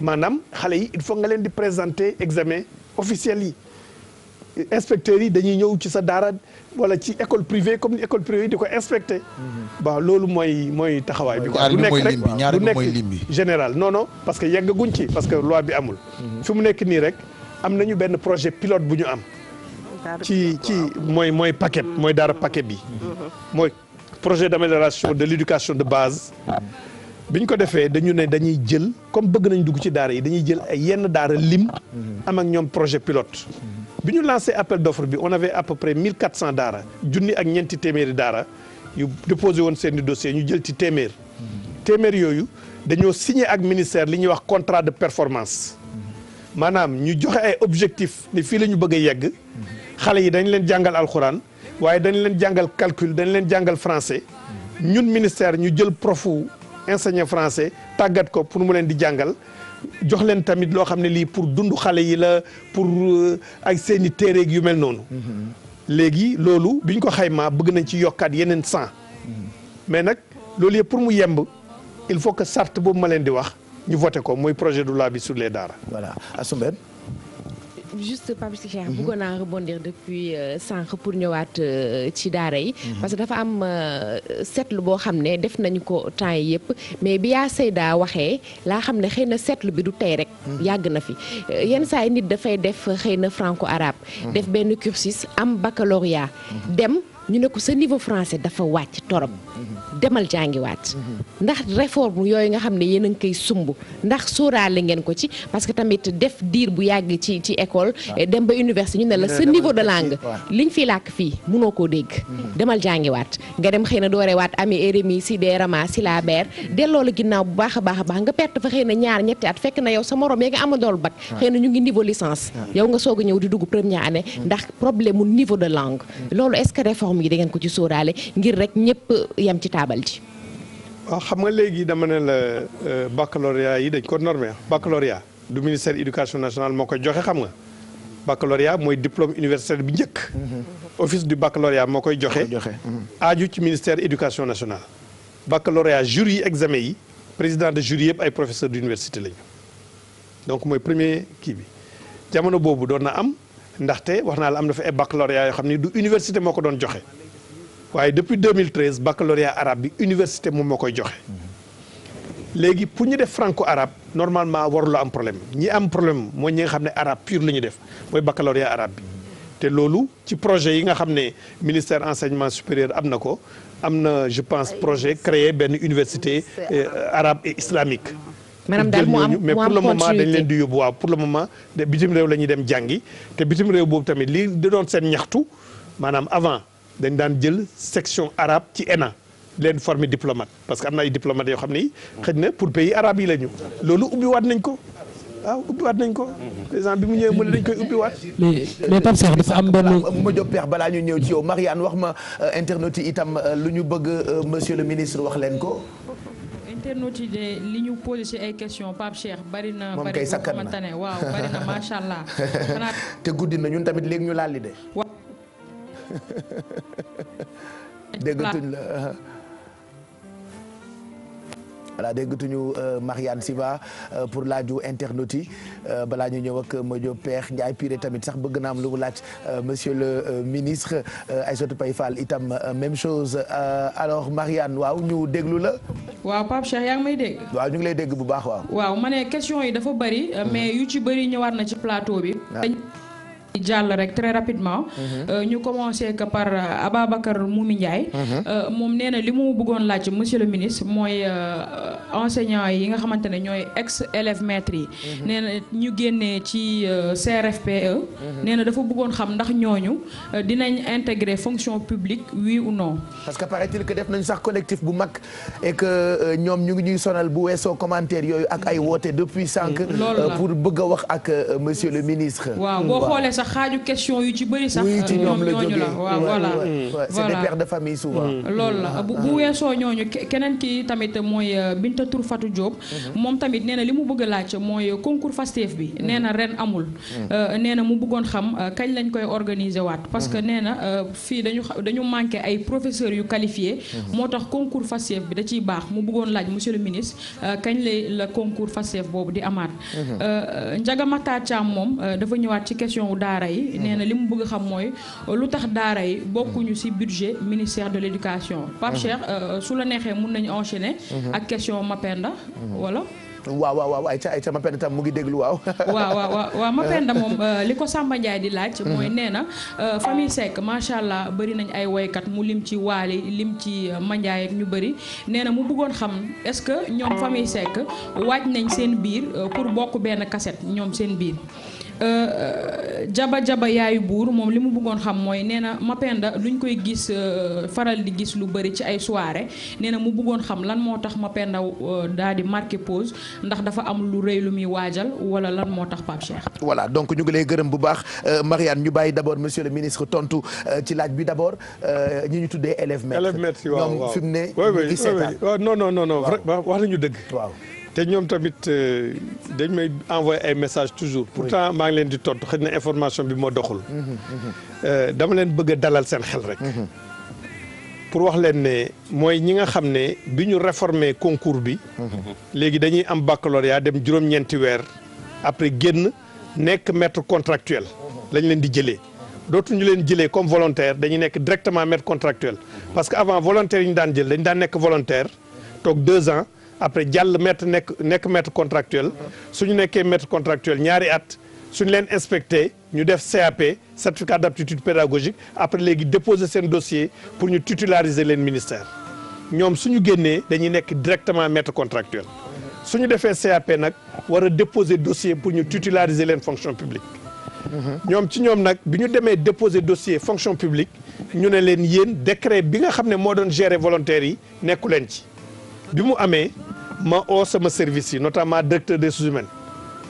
maanaam xale yi il faut nga leen di présenter examen officiel yi inspecteurs yi dañuy ñëw ci sa daara wala ci école privée comme ni école privée yi di ko inspecté waaw mhm. loolu mooy mooy taxawaay bi quoi du nekk rek du nekk général non parce que yeggaguñ ci parce que loi bi amul mhm. fi mu nekk nii rek am nañu benn projet pilote bu ñu am ci ci mooy mooy paquet mooy daara paquet bi mhm. projet d'amélioration de l'éducation de base bi ñu ko defee dañu ne dañuy jël comme bëgg nañ dugg ci daara yi dañuy jël ay yenn daara lim am ak ñoom projet pilote bi ñu lancé appel d'offre bi on avait à peu près mille cent daara junni ak ñeenti téeméeri daara yu déposé woon seeni dossier ñu jël ci téeméer téeméer yooyu dañoo signé ak ministère li ñuy wax contrat de performance maanaam ñu joxe ay objectif ne fii la ñu bëgg a yegg xale yi dañ leen jàngal alxuraan waaye dañ leen jàngal calcul dañ leen jàngal français ñun ministère ñu jël profu enseignant français tàggat ko pour mu leen di jàngal jox leen tamit loo xam ne lii pour dund xale yi la pour euh, ak seeni i téereeg yu mel noonu. léegi loolu biñ ko xaymaa bëgg nañ ci yokkaat yeneen cent. mais nag loolu yëpp pour mu yemb il faut que sart boobu ma leen di wax ñu voté ko mooy projet de loi bi sur les daara. voilà Assoumbène juste Pape Cheikh mhm. bëggoon naa rebondir depuis euh, sànq pour ñëwaat euh, ci daara yi. Mhm. parce que dafa am euh, seetlu boo xam ne def nañu ko temps yi yëpp mais bi yaa Seyda waxee laa xam ne xëy na seetlu bi du tey rek. Mhm. yàgg na fi yenn saa yi nit dafay def xëy na franco arabe. def benn cursus am baccalauréat dem ñu ne ko sa niveau français dafa wàcc torop demal jàngiwaat. ndax réforme yooyu nga xam ne yéen a ngi koy sumb ndax sóoraale ngeen ko ci parce que tamit def diir bu yàgg ci ci école. Ah. dem ba université ñu ne la sa niveau de langue. liñ fi làkk fii munoo koo dégg. Mm-hmm. demal jàngiwaat nga dem xëy na waat amee RMI si DRMA si la beer delloo la ginnaaw bu baax a baax a baax nga perte fa xëy na ñaar ñetti at fekk na yow sa morom ya nga ama dool bac ah. xëy na ñu ngi niveau licence. Ah. yow nga soog a di dugg mm. ndax problème mu niveau de langue. Mm. loolu ko ci sóoraale ngir yem ci taabal ji. waaw xam nga léegi dama ne la euh, baccalauréat yi dañ ko normé baccalauréat du ministère éducation nationale moo koy joxe xam nga baccalauréat mooy diplôme universitaire bi njëkk. Mhm. office du baccalauréat moo koy joxe. Mhm. aaju ci ministère éducation nationale. baccalauréat jury yi examen yi président de jury yëpp ay professeur d'université lañu donc mooy premier kii bi jamono boobu doon na am ndaxte wax naa la am na fa ay baccalauréat yoo xam ni du université moo ko doon joxe. waaye depuis 2013 baccalauréat arabe bi université moom moo koy joxe léegi pour ñu def franco arab normalement warula am problème ñi am problème mooy ñi nga xam ne arab pur la def mooy baccalauréat arabe bi te loolu ci projet yi nga xam ne ministère enseignement supérieur am na ko am na je pense projet créer benn université euh, arab et islamique maanaam daal mu am mais pour le moment dañ leen di yóbbu waaw pour le moment bitim réew la ñuy dem jàngi te bitim réew boobu tamit lii da seen ñaxtu maanaam avant dañ daan jël section arabe ci ENA leen former diplomate parce que am na ay diplomates yoo xam ni. xëj na pour pays arabe yi la ñu. loolu ubbiwaat nañ ko. waaw ubbiwaat nañ ko. président bi mu ñëwee mu ne dañ koy ubbiwaat. mais mais Pape Cheikh dafa am benn. ma jóg peex balaa ñu ñëw ci yow Marianne wax ma euh, internautes yi itam euh, lu ñu bëgg euh, monsieur le ministre wax leen ko. internautes yi de li ñu posé ci ay question Pape Cheikh bari na. moom kay sakkan na bari na waaw bari na macha allah. te guddi na ñun tamit léegi ñu laal li de. déggatuñ la euh, voilà déggatuñu euh, Marianne siba euh, pour laaju internautes yi balaa ñu ñëw ak Modou Père Ndiaye Piré tamit sax bëgg naa am lu mu laaj monsieur le ministre ay Paye Fall itam même chose alors Marianne waaw ñu déglu la. waaw Pape yaa ngi may dégg. waaw ñu ngi lay dégg bu baax waaw. waaw ma ne question yi dafa bari. Mhm. mais yu ci bari ñëwaat na ci plateau bi. Ah. jàll rek très rapidement. Mhm. Euh, ñu commencé que par euh, Ababacar Moumi Ndiaye. Mhm. Euh, moom nee na li mu bëggoon laaj monsieur le ministre mooy enseignants yi nga xamante ne ñooy ex élèves maîtres yi. Mhm. nee na ñu génne ci CRFPE. nee na dafa bëggoon xam ndax ñooñu dinañ intégrer fonction publique oui ou parce que paraît-il que def nañ sax collectif bu mag et ñoom ñu ngi ñuy sonal bu weesoo commentaire yooyu ak ay woote depuis sànq. pour bëgg a wax ak monsieur le ministre. waaw xaaju question yu ci bëri sax. oui ci ñoom la jógee waaw mm. loolu la bu weesoo ñooñu keneen ki tamit mooy euh, Binta Tour Fatou Diop. Mm-hmm. moom tamit nee na li mu bëgg a laaj mooy concours Fastef bi. Mm-hmm. nee na ren amul. Mm-hmm. Euh, nee na mu bëggoon xam euh, kañ lañ koy organiser waat. parce que nee na fii dañu dañu manqué ay professeurs yu qualifiés. moo tax concours Fastef bi da ciy baax mu bëggoon laaj monsieur le ministre kañ lay la concours Fastef boobu di amaat. Ndiaga Matar moom dafa ñëwaat ci question daara yi mhm. nee na li mu bëgg xam mooy lu tax daara yi bokkuñu ci budget ministère de l'éducation Pape mhm. Cheikh euh, su la neexee mun nañu enchaîner mhm. ak question Mapenda wala waaw waaw waaw ayca ayca mu ngi déglu waaw. waaw waaw waaw Mapenda moom euh, li ko Samba di laaj. mooy nee na euh, famille Seck macha allah bëri nañ ay woykat mu lim ci waali lim ci Mandiaye ak ñu bëri nee na mu buggoon xam est-ce que ñoom famille Seck waaj nañ seen biir pour bokk benn cassette ñoom seen biir. Euh, euh, jaba jaba yaayu buur moom li mu bëggoon xam mooy nee na lu ñu koy gis euh, faral di gis lu bëri ci ay soirée nee na mu bëggoon xam lan moo tax Mapenda daal di marqué pause ndax dafa am lu rëy lu muy waajal wala lan moo tax Pape Cheikh. voilà donc ñu ngi lay gërëm bu baax Marianne ñu bàyyi d' abord monsieur le ministre tontu ci laaj bi d' abord ñi ñu tuddee élèves maîtres. élèves maîtres waaw waaw ñoom fi mu ne. oui wax nañu dëgg. te ñoom tamit euh, dañ may envoyé ay message toujours pour pourtant maa ngi leen di tontu xëy ne information bi moo doxul mhm, mhm. Euh, dama leen bëgg a dalal seen xel rek mhm. pour wax leen ne mooy ñi nga xam ne bi ñu réformé concours bi léegi dañuy am baccalauréat dem juróom-ñeenti weer après génn nekk maître contractuel lañ leen di jëlee dootuñu leen jëlee comme volontaire dañuy nekk directement maître contractuel parce que avant volontaire yi ñu daan jël dañ daan nekk volontaire toog deux ans après jàll maître nekk nekk maître su ñu nekkee maître contractuel ñaari at suñu leen inspecté ñu def CAP certificat d' aptitude pédagogique après léegi déposer seen dossier pour ñu titulariser leen ministère ñoom su ñu génnee dañuy nekk directement maître contractuel ñu defee CAP nag war a déposer dossier pour ñu titulariser leen fonction publique ñoom ci ñoom nag bi ñu demee déposer dossier fonction publique ñu ne leen yéen décret bi nga xam ne moo doon gérer volontaires yi nekku leen ci bi mu amee ma oo sama service yi notamment directeur des ressources humaines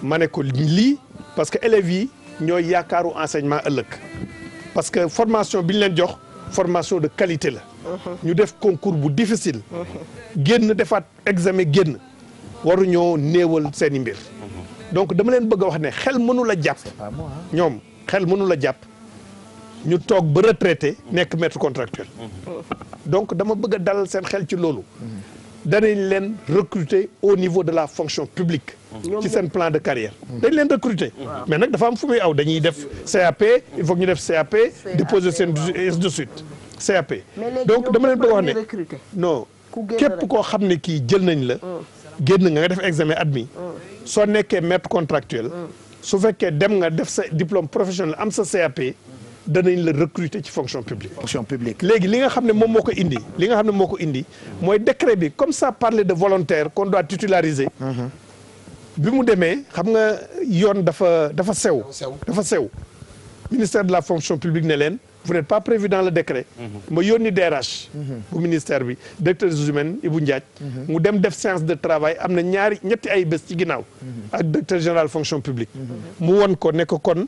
ma ne ko lii parce que élèves yi ñooy yaakaaru enseignement ëllëg parce que formation bi ñu leen jox formation de qualité la ñu def concours bu difficile génn defaat examen génn waruñoo néewal seen i mbir donc dama leen bëgg a wax ne xel mënu la jàpp ñoom xel mënu la jàpp ñu toog ba retraité nekk maître contractuel mmh. donc dama bëgg a dalal seen xel ci loolu danañ leen recruter au niveau de la fonction publique. ci seen plan de carrière. dañ leen recruter. mais nag dafa am fu muy aw dañuy def CAP il faut que ñu def CAP. déposer seen ainsi de suite CAP. donc dama leen bëgg wax ne non képp koo xam ne kii jël nañ la. Mm. génn nga nga def examen admis. Mm. soo nekkee maître contractuel. Mm. su fekkee dem nga def sa diplôme professionnel am sa CAP. danañ la recruter ci fonction publique. fonction publique léegi li nga xam ne moom moo ko indi. li nga xam ne moo ko indi mooy décret bi comme ça parler de volontaire qu'on doit titulariser. Mm-hmm. bi mu demee xam nga yoon dafa dafa sew. dafa sew ministère de la fonction publique ne leen. vous n'êtes pas prévu dans le décret. Mm-hmm. ma yónni DRH. Mm-hmm. bu ministère bi directeur des humaines Ibou Ndiaye. mu dem def séance de travail am na ñaari ñetti ay bés ci ginnaaw. ak directeur général fonction publique. mu won ko ne ko kon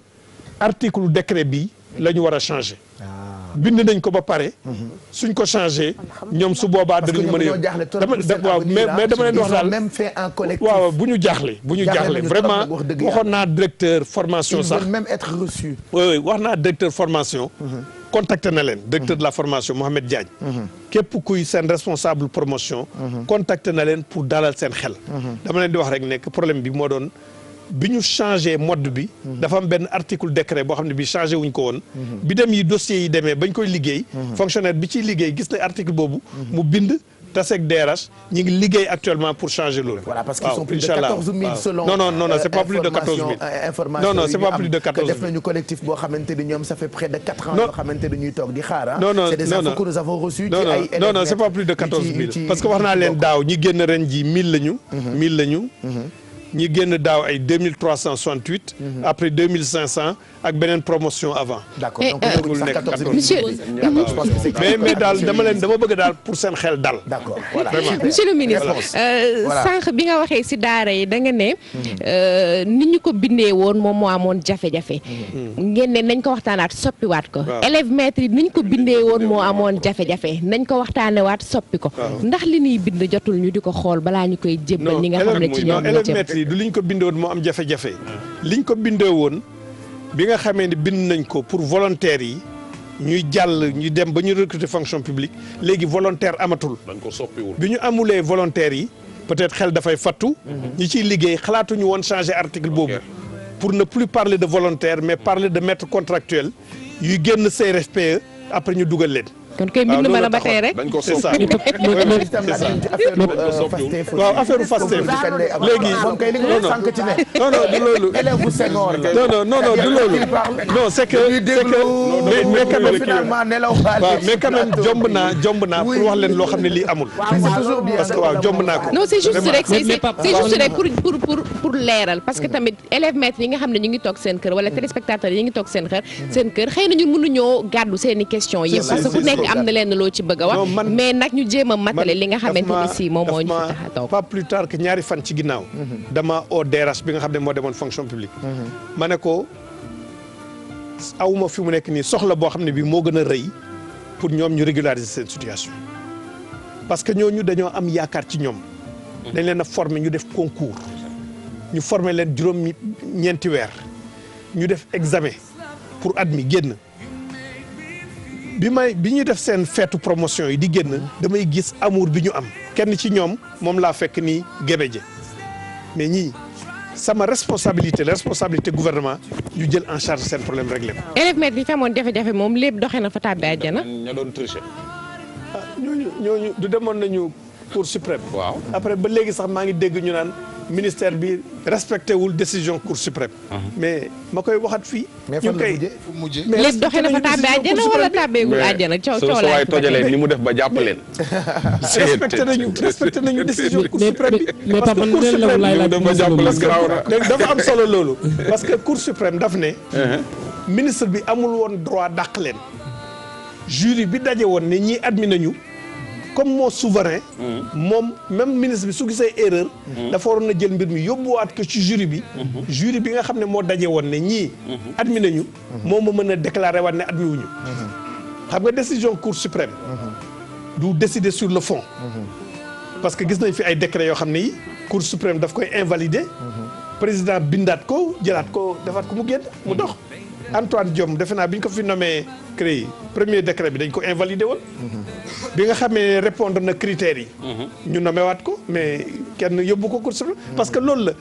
article bi. la ñu war a changé. Ah. bind nañ ko ba pare. Mhm. suñ ko changé ñoom su boobaa danañ mën a yóbbu dama waaw mais ah. mais dama leen wax daal même fait en collectif waaw bu ñu jaaxle bu ñu jaaxle vraiment waxoon naa directeur formation sax. même être reçu. oui naa directeur formation. Mhm. contacté na leen directeur de la mhm. formation Mohamed Diagne képp kuy seen responsable promotion contacté na leen pour dalal seen xel dama leen di wax rek nekk problème bi moo doon bi ñu changé mode bi. dafa am benn article décret boo xam ne bi changé wuñ ko woon. bi dem yi dossiers yi demee bañ koy liggéey. fonctionnaire bi ciy liggéey gis na article boobu. mu bind taseeg DRH ñu liggéey actuellement pour changer loolu. voilà parce qu'ils sont plus de 14 000 selon. non non non non c'est pas plus de 14 euh, c'est pas plus de 14 000. def xamante ni ñuy toog di xaar non non c'est ci ay non non c'est pas plus de 14 000. parce que wax naa leen daaw ñi génn ren ñi génn daaw ay deux mille trois cent soixante huit. Mhm. après deux mille cinq cent ak beneen promotion avant. d' accord mais euh, daal dama leen dama bëgg daal pour seen xel dal. d' accord monsieur le ministre. Euh, sànq bi nga waxee si daara yi da nga ne. Mhm. Euh, ni ñu ko bindee woon moom moo amoon jafe-jafe. Mhm. ngeen ne nañ ko waxtaanaat soppiwaat ko. élève maître yi ni ñu ko bindee woon moo amoon jafe-jafe nañ ko waat soppi ko. ndax li ñuy bind jotul ñu di ko xool balaa ñu koy jébbal ñi nga xam ne ci ñoom la jëm yi du liñ ko bindoon moo am jafe-jafe liñ ko bindee woon bi nga xamee ne bind nañ ko pour volontaires yi ñuy jàll ñuy dem ba ñu recruter fonction publique léegi volontaire amatul. dañ ko soppiwul bi ñu amulee volontaires yi peut-être xel dafay fattu. Mhm. ñi ciy liggéey xalaatuñu woon changer article boobu. pour ne plus parler de volontaire mais parler de maître contractuel yuy génn CRFPE après ñu dugal leen. kon kay mbind ah, ma la ba tey rek. dañ ko soppi c'est ça waaw affaire Pastef léegi non non du loolu. non non non non du loolu. non c'est que c'est que mais quand même mais quand même jomb naa jomb naa pour wax leen loo xam ne lii amul. parce que waaw jomb naa ko. non c'est juste rek c'est juste rek pour pour pour leeral parce que tamit élèves maîtres yi nga xam ne ñu ngi toog seen kër wala mm. téléspectateurs yi ñu ngi toog seen kër seen kër xëy na ñun mënuñoo gàddu seeni question yëpp parce que ku nekk am na leen loo ci bëgg a wax mais nag ñu jéem a matale li nga xamante ni si moom moo ñu fi tax a toog ñaari fan ci ginnaaw mhm. dama au DRH bi nga xam ne moo demoon fonction publique mhm. ma ne ko awma fi mu nekk nii soxla boo xam ne bi moo gën a rëy pour ñoom ñu régulariser seen situation parce que ñooñu dañoo am yaakaar ci ñoom mhm. dañ leen a former ñu def concours ñu former leen juróom ñeenti weer ñu def examen pour admis génn bi may bi ñu def seen feetu promotion yi di génn damay gis amour bi ñu am kenn ci ñoom moom laa fekk nii ni gébeje mais ñi sama responsabilité la responsabilité gouvernement ñu jël en charge seen problème réglé ko. élève maître bi fi amoon jafe-jafe moom lépp doxee na fa tàbbi àjjana. ña doon tricher. ah ñooñu du demoon nañu pour suprême. waaw après ba léegi sax maa ngi dégg ñu naan. ministère bi respecté wul décision cour suprême. Uh-huh. mais ma koy waxat fii. mais fan la lépp doxee na fa tàbbi àjjana wala tàbbeegul àjjana. coow coow laay tojalee ni mu def ba jàpp leen. respecté nañu respecté nañu décision cour suprême bi. mais papa man de la walaay laaj dafa am solo loolu. parce que cour suprême daf ne. Uh-huh. ministre bi amul woon droit dàq leen. jury bi daje woon ne ñii admis nañu. comme moo souverain. Hmm. moom même ministre bi su gisee erreur. Hmm. dafa waroon na jël mbir mi yóbbuwaat ko ci jury bi. Hmm. jury bi nga xam ne moo dajee woon ne ñii. admis nañu. moom ma mën a déclaré waat ne admis wuñu xam nga décision cour suprême. du décider sur le fond. parce que gis nañ fi ay décret yoo xam ne yi cour suprême daf koy invalider. président bindaat ko jëlaat ko defaat ko mu génn mu dox. Antoine Diome defe naa bi ñu ko fi nommé CREI premier décret bi dañ ko invalider woon. bi nga xamee répondre na critères yi. Mhm. ñu nomewaat ko mais kenn yóbbu ko course mhm. parce que loolu la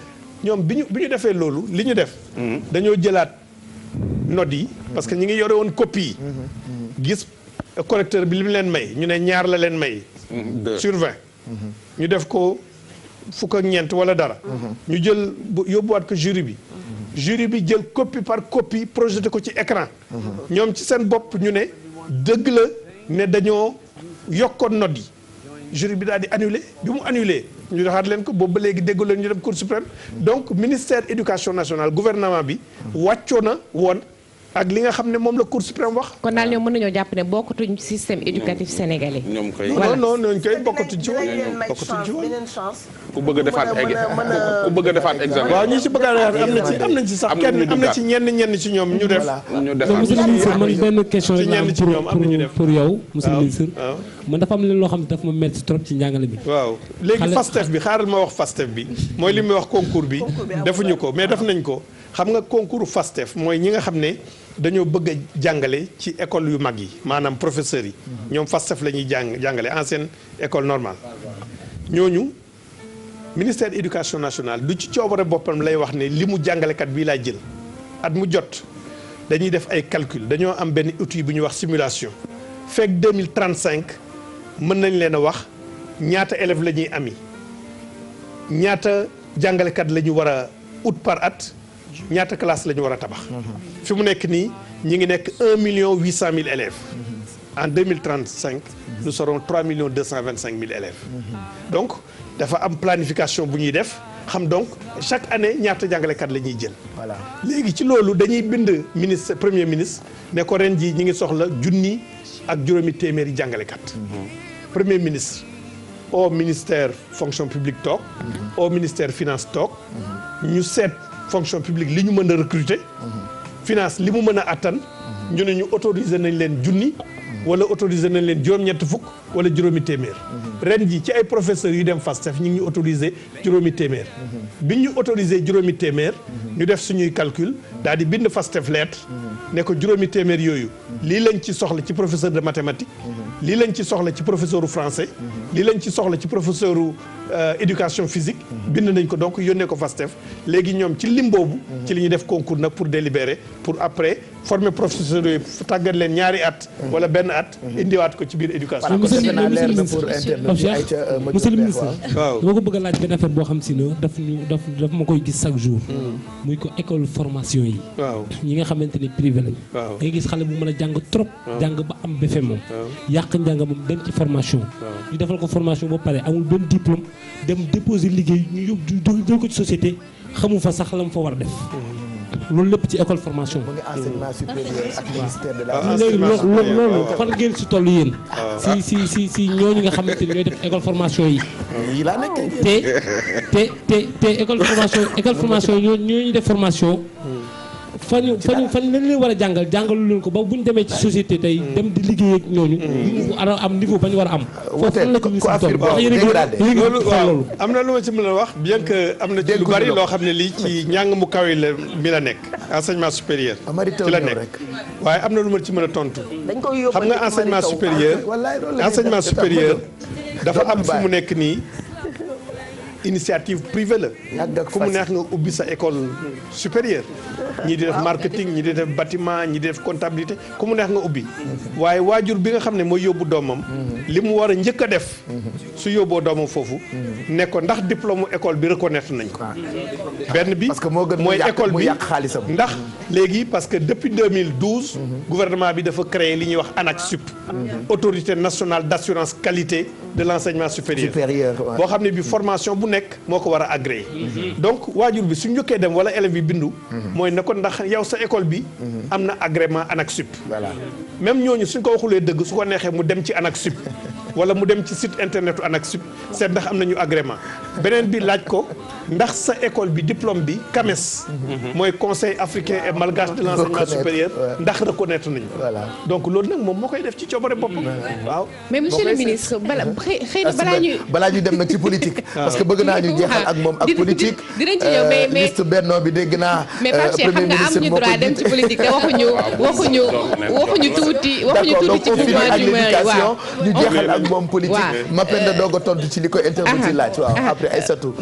ñoom bi ñu bi ñu defee loolu li ñu def. Mhm. dañoo jëlaat notes yi. parce que ñu ngi yore woon copie yi. gis collecteur bi li mu leen may ñu ne ñaar la leen may. sur vingt. ñu def ko fukk ñeent wala dara. ñu jël yóbbuwaat ko jury bi. jury bi jël copie par projet projeté ko ci écran ñoom ci seen bopp ñu ne dëgg la ne dañoo. yokkoon nodd yi bi daal di annulé bi mu annulé ñu doxaat leen ko boo ba léegi déggu leen ñu dem cour suprême donc ministère éducation nationale gouvernement bi wàccoo na woon ak li nga xam ne moom la Cour suprême wax. kon daal ñoom mën nañoo jàpp ne bokkatuñ système éducatif sénégalais. ñoom koy voilà non a defaat egg si bëgg a am na ci am nañ ci sax kenn am na ci ñenn ñenn ñoom ñu ñu def am man benn loo xam ne daf ma métti ci njàngale bi. bi xaaral ma wax FASTEF bi mooy li muy wax concours bi defuñu ko mais def nañ ko xam nga concours FASTEF mooy ñi nga xam ne dañoo bëgg a jàngale ci école yu mag yi maanaam professeurs yi. Mhm. ñoom FASTEF la ñuy jàng jàngale ancienne école normale. ñooñu ministère éducation nationale du ci coobare boppam lay wax ni li mu jàngalekat bi laay jël at mu jot dañuy def ay calcul dañoo am benn outil bu ñuy wax simulation. fekk 2035 mën nañ leen a wax ñaata élèves la ñuy ami ñaata jàngalekat la ñu war a ut par at. ñaata classe la ñu war a tabax. fi mu nekk nii ñi ngi nekk un million huit cent mille élèves. en deux mille trente cinq. nous serons trois deux cent vingt cinq mille élèves. donc dafa am planification bu ñuy def xam donc chaque année ñaata jàngalekat la ñuy jël. voilà léegi ci loolu dañuy bind ministre premier ministre ne ko ren jii ñi ngi soxla junni ak juróomi téeméeri jàngalekat. premier ministre au ministère fonction publique toog. au ministère finance toog. ñu seet. fonction publique li ñu mën a recruter. finance li mu mën a attan. ñu ne ñu autoriser nañ leen junni. wala autoriser nañ leen juróom-ñetti fukk wala juróomi téeméer. ren ji ci ay professeurs yu dem FASTEF ñu ngi ñu autorisé juróomi téeméer. bi ñu autoriser juróomi téeméer. ñu def suñuy calcul daal di bind FASTEF lettre. ne ko juróomi téeméer yooyu. lii lañ ci soxla ci professeur de mathématique. lii lañ ci soxla ci professeur français. lii lañ ci soxla ci professeur Euh, éducation physique. bind nañ ko donc yónnee ko FASTEF léegi ñoom ci lim boobu. ci li ñuy def concours nag pour délibérer pour après former professeur yooyu tàggat leen ñaari at. wala benn at. indiwaat ko ci biir éducation. monsieur le ministre waaw dama ko bëgg a laaj benn affaire boo xam si ne daf ñu daf daf ma koy gis chaque jour. Hmm. muy ko école formation yi. waaw ñi nga xamante ni privé lañ. waaw da ngay gis xale bu mën a jàng trop. jàng ba am BFEM moom. yàq njàng moom dem ci formation. ñu dem déposer liggéey ñu yóbbu jël ko ci société xamu fa sax lam fa war a def loolu lépp ci école formation mu ngi enseignement supérieur ak ministère de la léegi ah, loolu loolu fan ngeen si toll yéen ah. si si si ñooñu nga xamante ni ñooy def école formation yi te te te école formation école formation yi ñooñu def formation hmm. fa fan fan lañ leen war a jàngal jàngalu leen ko ba bu ñu demee ci société tey dem di liggéey ak ñooñu. Mm. war a am niveau ba ñu a am. wotee coiffure boobu loolu waaw am na lu ma ci mën a wax bi que am na ci lu bari xam ne lii ci njàng mu kaw yi la mi la nekk enseignement supérieur. Ah, ci la nekk waaye am na lu ma ci mën a tontu. xam nga enseignement supérieur enseignement supérieur dafa am fu mu nekk nii. initiative privée la. fu mu neex nga ubbi sa école supérieure. ñi di def marketing ñi di def bâtiment ñi di def comptabilité ku mu neex nga ubbi. waaye waajur bi nga xam ne mooy yóbbu doomam. li mu war a njëkk def. su yóbboo doomam foofu. ne ko ndax diplôme école bi reconnaître nañ ko. benn bi mooy école bi ndax léegi parce que depuis 2012. gouvernement bi dafa créer li ñuy wax ANAQ-Sup. Mm-hmm. autorité nationale d' assurance qualité de l' enseignement supérieur. boo xam ne bi formation bu nekk moo ko war a agréé donc waajur bi su njëkkee dem wala élève bi bindu mooy ne ko ndax yow sa école bi am na agrément ANAQ-Sup voilà même ñooñu suñ ko waxulee dëgg su ko neexee mu dem ci ANAQ-Sup wala mu dem ci site internet u sup seet ndax am nañu agrément beneen bi laaj ko ndax sa école bi diplôme bi CAMES. Mhm. mooy conseil africain et malgache de l' enseignement ndax reconnaître nañu. voilà donc loolu nag moom moo koy def ci coobare boppam. waaw mais monsieur le ministre bala xëy ah, balaa ñuy. dem nag ci politique. parce que bëgg naa ñu jeexal ak moom ak politique. dinañ ci euh, bi dégg naa. Euh, premier ministre moo ko mais Pape Cheikh xam nga am ñu droit dem ci politique te waxuñu waxuñu waxuñu tuuti waxuñu ci mouvement d'humeur yi waaw. ñu jeexal ak moom politique. waaw ma peine euh, doog a tontu ci li ko intervenir ah, laaj. waaw ah, après Aïssatou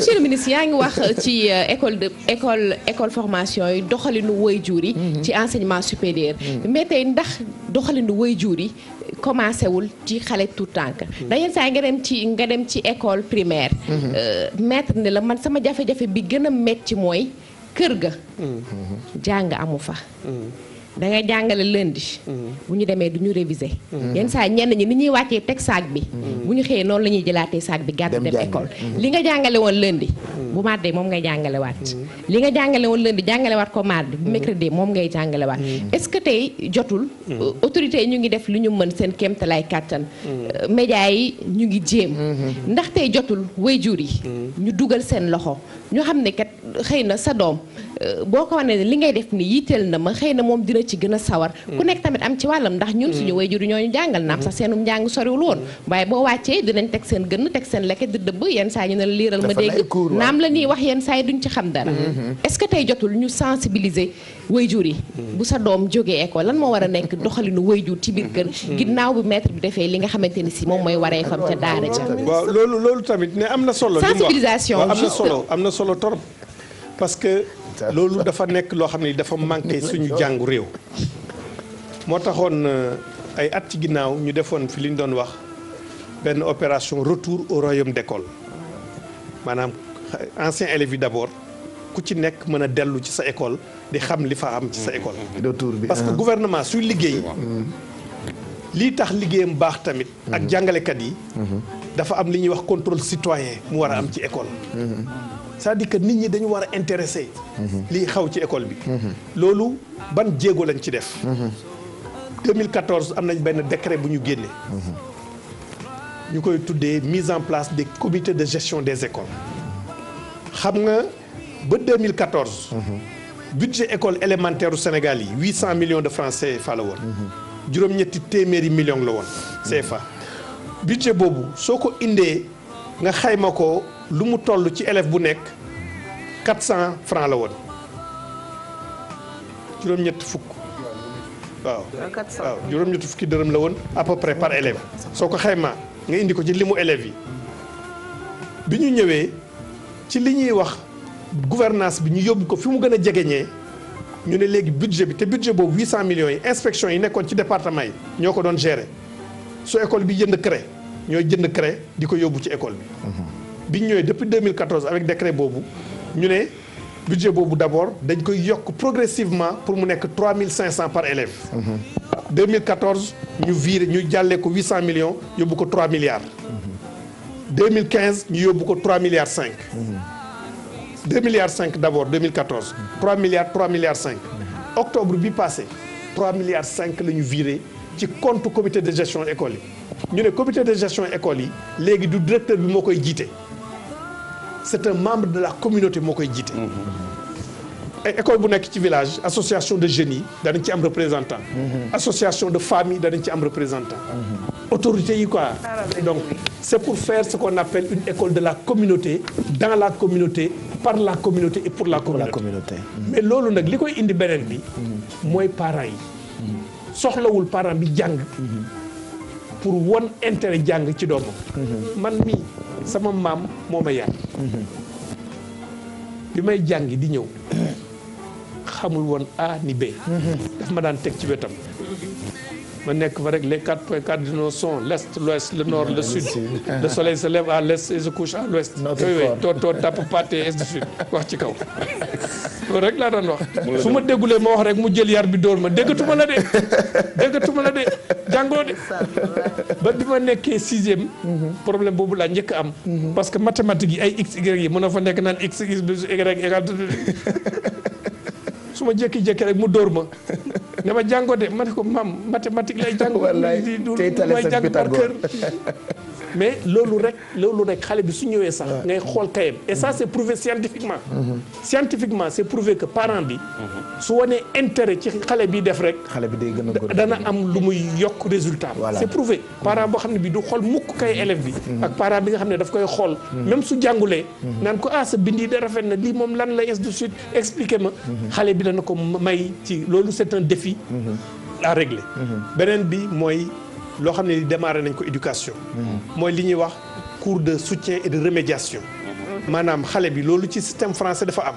monsieur le ministre yaa ngi wax ci euh, école de école école formation yi doxalinu waajur yi mhm. ci enseignement supérieur mhm. mais tey ndax doxalinu waajur yi commencé wul ci xale tout tànk mhm. da yenn saa nga dem ci nga dem ci école primaire euh, maître ne la man sama jafe-jafe bi gën a metti mooy kër ga jàng amu fa da ngay jàngale lundi. bu ñu demee du ñu réviser. Mm-hmm. yenn saa ñenn ñi ni ñuy wàccee teg saag bi. Mm-hmm. bu ñu xëyee noonu la ñuy jëlaatee saag bi gàddu dem école. Mm-hmm. li nga jàngale woon lundi. bu mardi moom ngay jàngalewaat. li nga jàngale woon lundi jàngalewaat ko mardi bu mercredi moom ngay jàngalewaat. est-ce que tey jotul. autorités yi ñu ngi def lu ñu mën seen kéemtalaay kàttan. médias yi ñu ngi jéem. ndax tey jotul way jur yi. ñu dugal seen loxo. ñu xam ne kat xëy na sa doom euh, boo ko wane ne li ngay def ni yitteel na ma xëy na moom dina ci gën a sawar mm. ku nekk tamit am ci wàllam ndax ñun mm. suñu wayjur ñoo ñu jàngal naam sax mm-hmm. seenum njàng soriwul woon mm. waaye boo wàccee dinañ teg seen gën teg seen lekket di dëbb yenn saa ñu ne la liiral ma dégg naam la nii wax yenn saa yi duñ ci xam dara mm-hmm. est-ce que tey jotul ñu sensibiliser wayjur yi bu sa doom jógee école lan moo war a nekk doxalinu wayjur ci biir kër mm-hmm. ginnaaw bi maître bi defee li nga xamante ni si moom mooy waree fam ca daara am na solo sensibilisation am solo torop parce que loolu dafa nekk loo xam ne dafa manqué suñu jàngu réew moo taxoon euh, ay at ci ginnaaw ñu defoon fi li ñu doon wax benn opération retour au royaume d'école maanaam ancien élèves yi d'abord ku ci nekk mën a dellu ci sa école di xam li fa am ci sa école mm-hmm. retour bi parce que ah. gouvernement suy liggéey mm-hmm. lii tax liggéeyam baax tamit ak mm-hmm. jàngalekat yi dafa am li ñuy wax contrôle citoyen mu war a am ci école c'est-à-dire nit ñi dañu war a intéressé. Mhm. lii xaw ci école bi. Mhm. loolu ban jéego lañ ci def. 2014 mhm. am nañ benn décret bu ñu génne. ñu koy tuddee mise en place des comités de gestion des écoles. xam nga ba 2014. budget école élémentaire u Sénégal yi 800 millions de francs CFA la woon. juróom-ñetti téeméeri million la woon CFA. budget boobu soo ko indee nga xayma ko. lu mu toll ci élève bu nekk quatre 400 francs la woon juróom-ñett fukk waaw waaw juróom ñetti fukki dërëm la woon à peu près par élève soo ko xaymaa nga indi ko ci limu élèves yi bi ñu ñëwee ci li ñuy wax gouvernance bi ñu yóbbu ko fi mu gën a jegeñee ñu ne léegi budget bi te budget boobu 800 millions yi inspection yi nekkoon ci département yi ñoo ko doon gérer su école bi jënd craie ñooy jënd craie di ko yóbbu ci école bi mhm. bi ñu ñëwee depuis 2014 avec décret boobu ñu ne budget boobu d' abord dañ koy yokk progressivement pour mu nekk 3500 par élève. 2014 mhm. ñu viré ñu jàllee ko 800 millions yóbbu ko 3 milliards. 2015 mhm. ñu yóbbu ko 3 milliards 5. 2 mhm. milliards 5 d' abord 2014. 3 milliards 3 milliards 5. octobre bi passé 3 milliards 5 la ñu viré ci conte comité de gestion école yi. ñu ne comité de gestion école yi léegi du directeur bi moo koy c'est membre de la communauté moo koy jiite. école bu nekk ci village association de jeunes yi danañ ci am représentant. Mhm. association de famille danañ ci am représentant. Mhm. autorité yi quoi. donc c'est pour faire ce qu'on appelle une école de la communauté dans la communauté par la communauté et pour la communauté. Mhm. mais loolu nag li koy indi beneen bi. mooy parent yi. soxlawul parent bi jàng. pour won intérêt jàng ci doomam. man mii. sama maam moo ma yar bi may jàngi di ñëw xamul woon A ni B daf ma daan teg ci wetam ma nekk fa rek les quatre points cardinaux sont l'est le nord le sud le soleil se lève à l'est et se couche à l'ouest too too tàpp pàtte est du sud wax ci kaw loolu rek laa daan wax su ma déggulee ma wax rek mu jël yar bi dóor ma déggatuma la de déggatuma la de jàngoo de ba bi ma nekkee sixième mhm. problème boobu laa njëkk am mhm. parce que mathématiques yi ay x y yi mën na fa nekk naan x y égal su ma jékki-jékki rek mu dóor ma ne ma jàngoo de ma ne ko maam mathématique lay jàng wallaay tey tale mais loolu rek loolu rek xale bi su ñëwee sax ngay xool kayam et ça c' est prouvé scientifiquement mm-hmm. scientifiquement c' est prouvé que parent bi mm-hmm. su wanee intérêt ci xale bi def rek xale bi day gën a dana am lu muy yokk résultat c' est prouvé parent xam ne bi du xool mukk kay mm-hmm. élève bi ak parent bi nga xam ne daf koy xool même su jàngulee naan ko ah sa bind yi da rafet na lii moom lan la ainsi de suite expliqué ma xale bi dana ko may ci loolu c' est un défi à régler beneen bi mooy loo xam ne démarré nañ ko éducation. mooy li ñuy wax cours de soutien et de remédiation. maanaam xale bi loolu ci système français dafa am.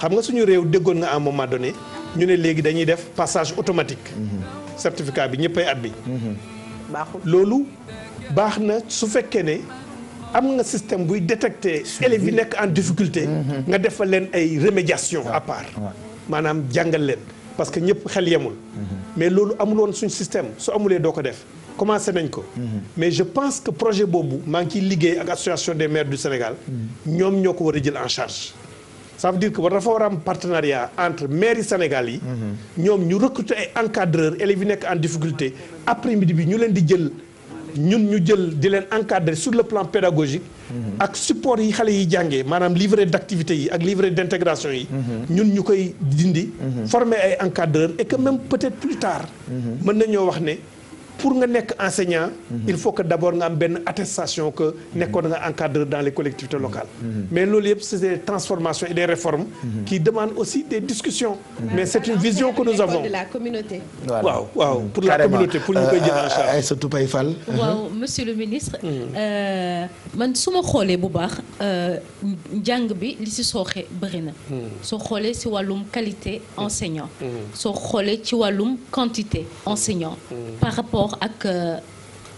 xam nga suñu réew déggoon nga à un moment donné ñu ne léegi dañuy def passage automatique. certificat bi ñëppay at bi. baaxul loolu baax na su fekkee ne am nga système buy détecter élèves yi nekk en difficulté. Mhm. nga defal leen ay remédiation à part. maanaam jàngal leen parce que ñëpp xel yemul. Mhm. mais loolu amuloon suñ système su amulee doo ko def. commencé nañ ko. mais je pense que projet boobu maa ngi ciy liggéey ak association des maires du Sénégal. ñoom ñoo ko war a jël en charge. sa veut dire que war dafa war am partenariat entre maires yi Sénégal yi. ñoom ñu recruter ay encadreurs élèves yi nekk en difficulté après midi bi ñu leen di jël. ñun ñu jël di leen encadrer sur le plan pédagogique ak support yi xale yi jàngee maanaam livret d'activité yi ak livret d'intégration yi ñun ñu koy dindi mhm. forme ay encadreurs et peut-être plus mhm. mën nañoo wax ne pour nga nekk enseignant il faut que d'abord nga am benn attestation que nekkoon nga encadreur dans les collectivités locales mais loolu yëpp c'est des transformations et des réformes qui demandent aussi des discussions mais c'est une vision que nous avons waaw waaw mm. pour la communauté pour ñu koy jël en euh, euh, le ministre mm. euh, man su ma xoolee bu baax njàng bi li si sooxe bëri na mm. soo xoolee si wàllum qualité enseignant soo xoolee ci wàllum quantité enseignant par rapport rapport ak euh,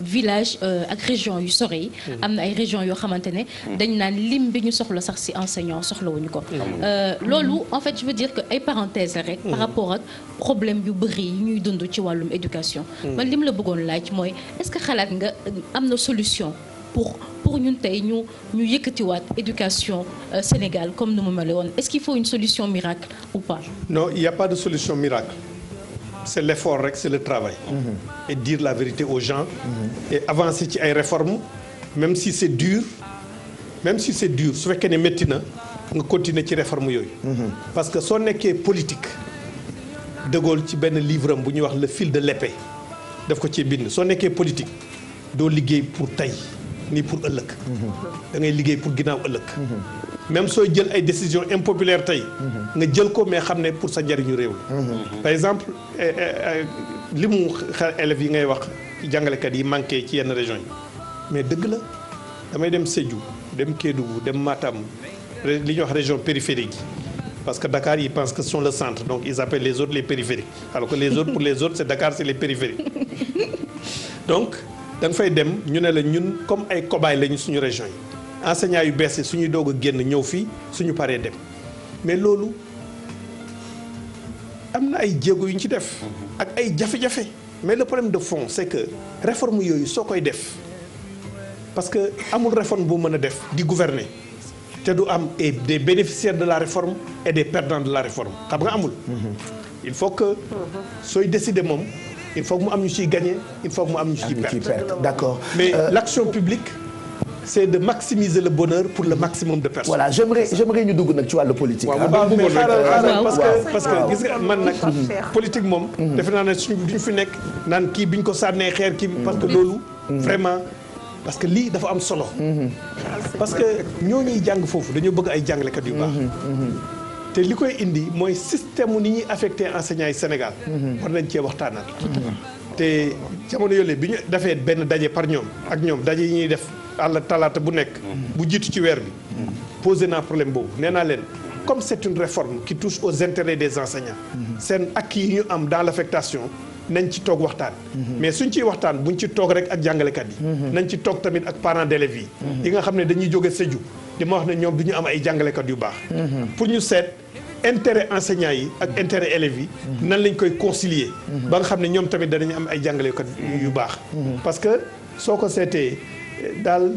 village euh, ak région yu sore yi hmm. am na ay région yoo xamante ne hmm. dañ naan lim bi ñu soxla sax ci enseignant soxlawuñu ko hmm. euh, loolu en fait je veux dire que ay parenthèse rek par rapport ak problème yu bëri yi ñuy dund ci wàllum éducation man lim la bëggoon laaj mooy est-ce que xalaat nga am na solution pour pour ñun tey ñu ñu waat éducation Sénégal comme nu mu mel woon est-ce qu'il faut une solution miracle ou pas non il pas de solution miracle c'est l'effort rek c'est le travail mhm. et dire la vérité au gens mhm. et avancer ci ay réformes même si c'est dur même si c'est dur su fekkee ne métti na nga continuer ci réforme yooyu mhm. parce que soo nekkee politique De ci benn livre bu ñuy wax le file de l'épée daf ko ci bind soo nekkee politique doo liggéey pour tey nii pour ëllëg da ngay liggéey pour ginnaaw ëllëg même sooy jël ay décision impopulaires tey. Mhm. nga jël ko mais xam ne pour sa njëriñu réew la. Mhm. par exemple eh, eh, eh, li mu xa élèves yi ngay wax jàngalekat yi manqué ci yenn région yi mais dëgg la damay dem Sédhiou dem Kédougou dem Matam li ñuy wax région périphérique parce que Dakar ils pensent que ce sont le centre donc ils appellent les autres les périphériques alors que les autres pour les autres c'est Dakar c'est les périphériques donc da nga fay dem ñu ne la ñun comme ay cobaye lañu suñu région yi. enseignants yu bees yi suñuy doog a génn ñëw fii suñu paree dem mais loolu am na ay jéego yu ñu ci def. ak ay jafe-jafe. mais le problème de fond c'est que réforme yooyu soo koy def parce que amul réforme bu mën a def di gouverner te du am et des bénéficiaires de la réforme et des perdants de la réforme xam nga amul. Mm-hmm. il faut que sooy décider moom il faut que mu am ñu siy gagner il faut que mu am ñu ciy perdre d'accord mais euh, l'action publique. c'est de maximiser le bonheur pour le maximum de personnes. voilà j'aimerais j'aimerais ñu dugg nag ci wàllu politique. waaw waaw ah, parce que parce man nag. politique moom. Mhm. defe naa ne suñu duñ fi nekk naan kii bi ñu ko sànnee xeer kii parce que mhm. loolu. Mhm. vraiment parce que lii dafa am solo. parce que ñoo ñuy jàng foofu dañoo bëgg ay jàngalekat yu baax. te li koy indi mooy système ni ñuy affecté enseignants yi Sénégal. war nañ cee waxtaanaat. te jamono yoolee bi ñu defee benn daje par ñoom ak ñoom daje yi ñuy def. àll talaata bu nekk. Mm-hmm. bu jiitu ci weer bi. Mm-hmm. posé naa problème boobu nee naa leen. comme c'est une réforme qui touche aux intérêts des enseignants. Mm-hmm. seen ak yi ñu am dans l'affectation nañ ci toog waxtaan. mais suñ ciy waxtaan buñ ci toog rek ak jàngalekat yi. nañ ci toog tamit ak parents d'élèves yi. yi nga xam ne dañuy jóge Sédhiou di ma wax ne ñoom du ñu am ay jàngalekat yu baax. pour ñu seet intérêt enseignants yi ak intérêt élèves yi. nan lañ koy concilier. ba nga xam ne ñoom tamit danañ am ay jàngalekat yu baax. parce que soo ko seetee. daal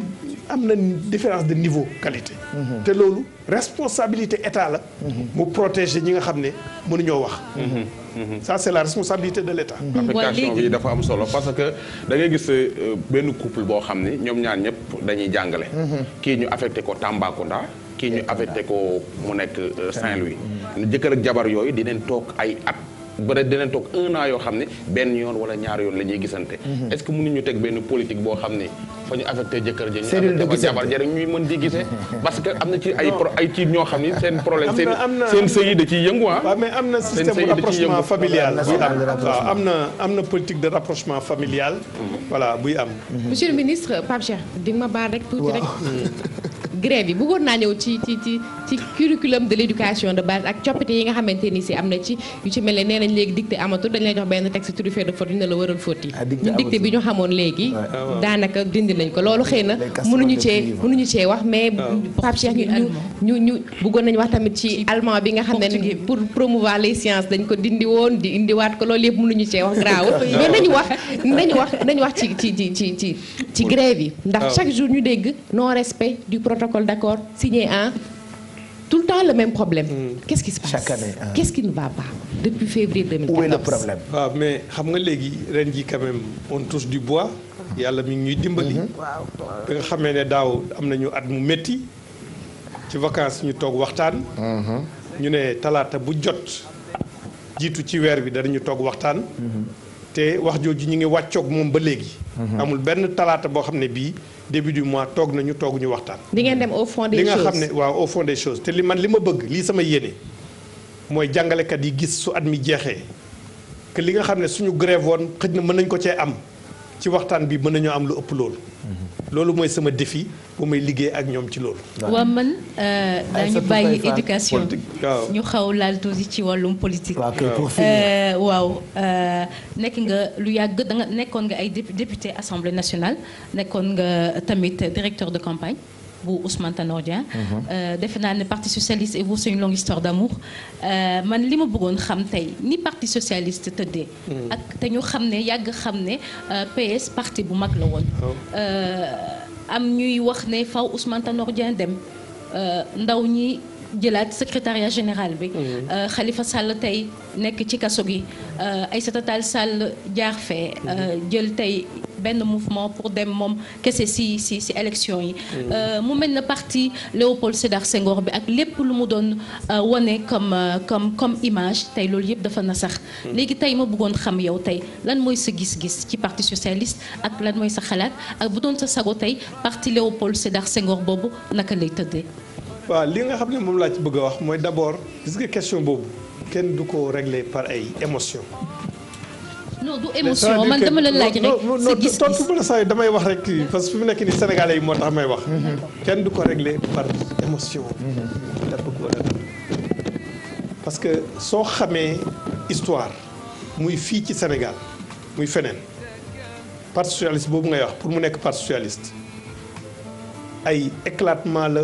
am na différence de niveau qualité. Mhm. te loolu responsabilité état la. Mhm. mu protéger ñi nga xam ne mënuñoo wax. Mhm. ça c'est la responsabilité de l'État. application bi dafa am solo parce que da ngay gis euh, benn couple boo xam ni ñoom ñaar ñëpp dañuy jàngale. kii ñu affecté ko Tambacounda. kii ñu affecté ko mu nekk euh, Saint-Louis. jëkkër ak jabar yooyu di leen toog ay at. ba dinañ toog un an yoo xam ne benn yoon wala ñaar yoon la ñuy gisante. Mhm. est-ce que mënuñu teg benn politique boo xam ne fa ñu affecté jëkkër ja. jariñ ñuy mën di gisee. parce am na ci ay pro ñoo xam ne seen problème. seen seen sëy yi ah. mais am na système bu rapprochement familial buy am waaw am na am de rapprochement familial. Mhm. voilà buy am. Mhm. monsieur ministre Pape Cheikh ma baal rek tuuti rek. grève yi bëggoon naa ñëw ci ci ci ci curriculum de l' éducation de base ak coppite yi nga xamante ni si am na ci yu ci mel ne nee nañ léegi dictée amatul dañ lay jox benn texte truffé de faute ñu ne la waral faute yi ñun ah, dictée bi ñu xamoon léegi ah, daanaka dindi nañ ko loolu xëy na mënuñu cee mënuñu cee wax mais ah. Pape Cheikh ñu ñu ñu bëggoon nañ wax tamit ci allemand bi nga xam ne pour promouvoir les sciences dañ ko dindi woon di indiwaat ko loolu yëpp mënuñu cee wax garaawul mais nañu wax nañu wax nañu wax ci ci ci ci ci grève yi ndax chaque jour ñu dégg non respect du protocole protocole d'accord signé un tout le temps le même problème. Hmm. qu'est-ce qui se passe chaque année hein. qu'est-ce qui ne va depuis février 2014 où est mais xam nga léegi ren ji quand même on du bois. yàlla mi ngi ñuy dimbali. waaw hmm. nga xamee ne daaw am nañu at mu métti. ci vacances ñu toog waxtaan. Hmm. ñu ne talaata bu jot. jiitu ci weer bi danañu toog waxtaan. te wax jooju ñu ngi wàccoog moom ba léegi. amul benn talaata boo xam ne bii. début du mois toog nañu toog ñu waxtaan. di ngeen dem au fond des li nga xam ne waaw au fond des choses te li man li ma bëgg lii sama yéene mooy jàngalekat yi gis su at mi jeexee que li nga xam ne suñu grève woon xëj na mën nañ ko cee am ci waxtaan bi mën nañoo am lu ëpp loolu. Mm-hmm. loolu mooy sama défi bu may liggéey ak ñoom ci loolu. waaw man euh, dañu bàyyi éducation ñu xaw laal tuuti ci wàllum politique. waaw euh, euh, nekk nga lu yàgg da nga nekkoon nga ay député assemblée nationale nekkoon nga tamit directeur de campagne. bu Ousmane Tanor Dieng. Mhm. Euh, defe naa ne parti socialiste et vous c'est une longue histoire d'amour euh, man li ma bëggoon xam tey ni parti socialiste tëddee. Mhm. ak te ñu xam ne yàgg xam ne euh, PS parti bu mag la woon. Oh. am ñuy wax ne faw Ousmane Tanor Dieng dem ndaw ñi. jëlaat secrétariat général bi mhm. Khalifa Sall tey nekk ci kaso gi Aïssata Tall Sall jaar fee jël tey benn mouvement pour dem moom kese si si si élection yi mm. euh, mu mel na parti Léopold Sédar Senghor bi ak lépp lu mu doon euh, wane comme euh, comme comme image tey loolu yëpp dafa na sax mm. léegi tey ma bëggoon xam yow tey lan mooy sa gis-gis ci parti socialiste ak lan mooy sa xalaat ak bu doon sa sago tey parti Léopold Sédar Senghor boobu naka lay tëddee waaw li nga xam ne moom laa ci bëgg a wax mooy d'abord gis nga question boobu kenn du ko régler par ay émotion non du émotion man dama la laaj rek. sa gis-gis non non tontu la saa mu nekk nii sénégalais yi moo tax may wax. kenn du ko régler par émotion. Mhm. parce que soo xamee histoire muy fii ci Sénégal muy feneen parti socialiste boobu ngay wax pour mu nekk parti socialiste ay éclatement la